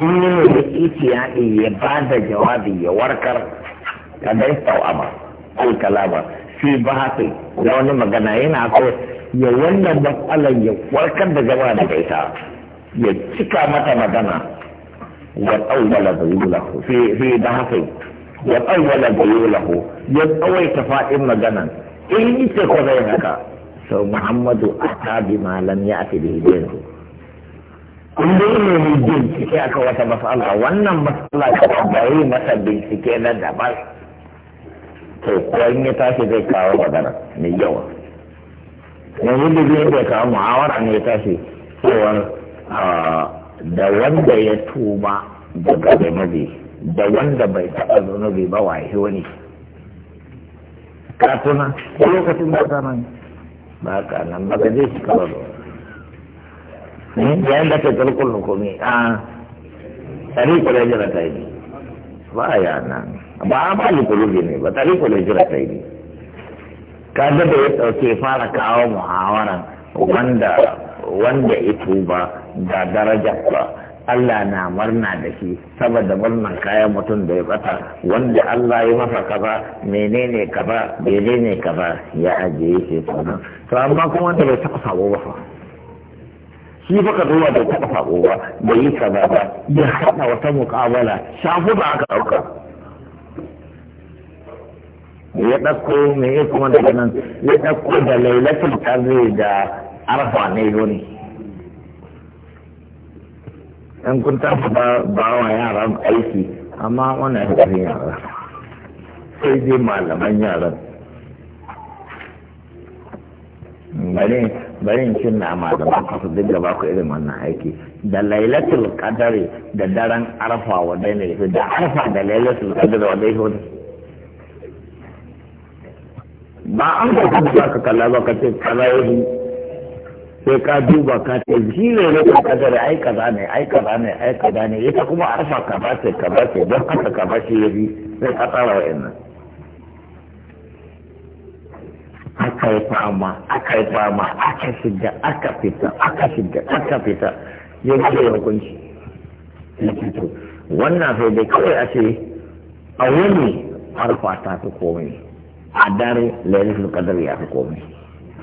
in ne da itiyaɗi ya ba da jawabi ya warkar ka dai tau aba ko kalaba fi ba haka da wani magana yana ko ya wannan matsalar ya warkar da jama'a daga ita ya cika mata magana wa tsawwala zayulahu fi fi haka ya tsawwala zayulahu ya tsawaita fa'in magana. in yi ce ko zai haka sau muhammadu a bi malam ya ati bihi yanzu in dai ne ni bincike aka wata mas'ala wannan mas'ala ta bari masa bincike na daban to ko ya tashi zai kawo magana mai yawa yanzu da zai kawo muhawara ne ya tashi cewar da wanda ya tuba daga zunubi da wanda bai taɓa zunubi ba wahi wani katuna ko lokacin da ta nan ba ka nan ba ka zai shi kawar hmm, yayin da ka kalkul hukumi a tari ko da jira ta yi ba ya nan ba a ba ni kulubi ne ba tari ko da jira ta yi ka da ya ɗauke fara kawo muhawaran wanda wanda ya tuba da ba Allah na murna da shi saboda murnan kayan mutum da ya bata wanda Allah ya masa kaza menene kaza menene kaza ya ajiye shi sunan to amma kuma wanda bai taɓa sabo ba fa shi fa ka zuwa bai taɓa sabo ba bai yi kaza ba ya haɗa wata muƙabala shafu ba aka ɗauka ya ɗauko me kuma daga nan ya ɗauko da lailatul qadri da arafa ne yoni in kun tafi ba wa yaran aiki amma wannan hukuri yara sai dai malaman yaran bari bari cin na malaman kasu duk da ba ku irin wannan aiki da lailatul qadari da daren arfa dai ne da arfa da lailatul qadari dai ya ba an ka kuma ka kalla ba ka ce kaza yau sai ka duba ka ce shi ne ne ka kadar ai kaza ne ai kaza ne ai kaza ne ita kuma arfa ka ba ce ba ce don haka kaza ce ya bi sai ka tsara wa'annan aka yi fama aka yi fama aka shiga aka fita aka shiga aka fita ya ce hukunci wannan sai dai kawai a ce a wani arfa ta fi komai a dare lailatul kadar ya fi komai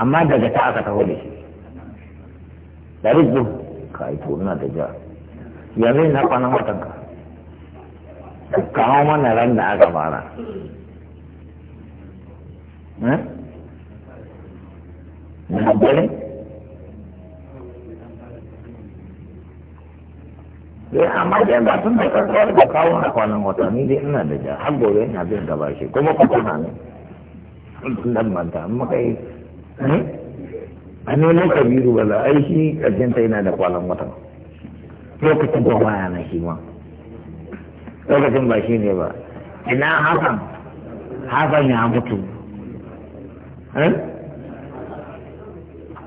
amma daga ta aka taho da shi da rizqu ka yi ina da ja yanzu na kwana watan ka kawo mana ran da aka fara na dare dai amma dai ba tun da karkar da kawo na kwanan watanni dai ina da ja har gobe ina bin gaba shi kuma kuma ne dan manta amma kai a nemo kabiru ba za a yi shi ƙarshen ta yana da kwalon wata lokacin ba ma yana shi ma lokacin ba shi ne ba ina hasan hasan ya mutu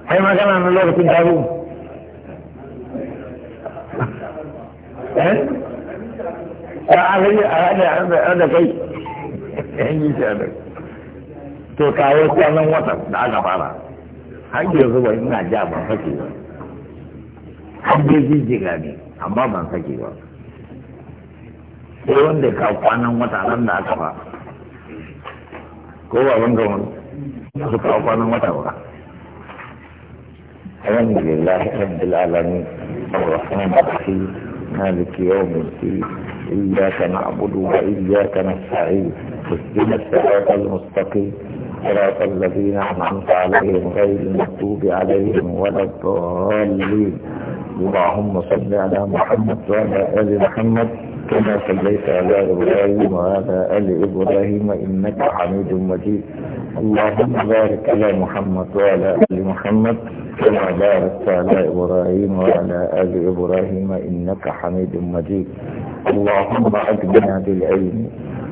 ai magana na lokacin taru a abin da kai yan yi shi a to kawo kwanan watan da aka fara har yanzu ba ina ja ban sake ba har yi jijjiga ne amma ban sake ba sai wanda ka kwanan wata nan da aka fara ko ba ban ga wani su kawo kwanan wata ba الحمد لله رب العالمين الرحمن الرحيم مالك يوم الدين إياك نعبد وإياك نستعين اهدنا الصراط المستقيم صراط الذين أنعمت عليهم غير المكتوب عليهم ولا الضالين اللهم صل على محمد وعلى آل محمد كما صليت على إبراهيم وعلى آل إبراهيم إنك حميد مجيد اللهم بارك على محمد وعلى آل محمد كما باركت على إبراهيم وعلى آل إبراهيم إنك حميد مجيد اللهم أجمع بالعلم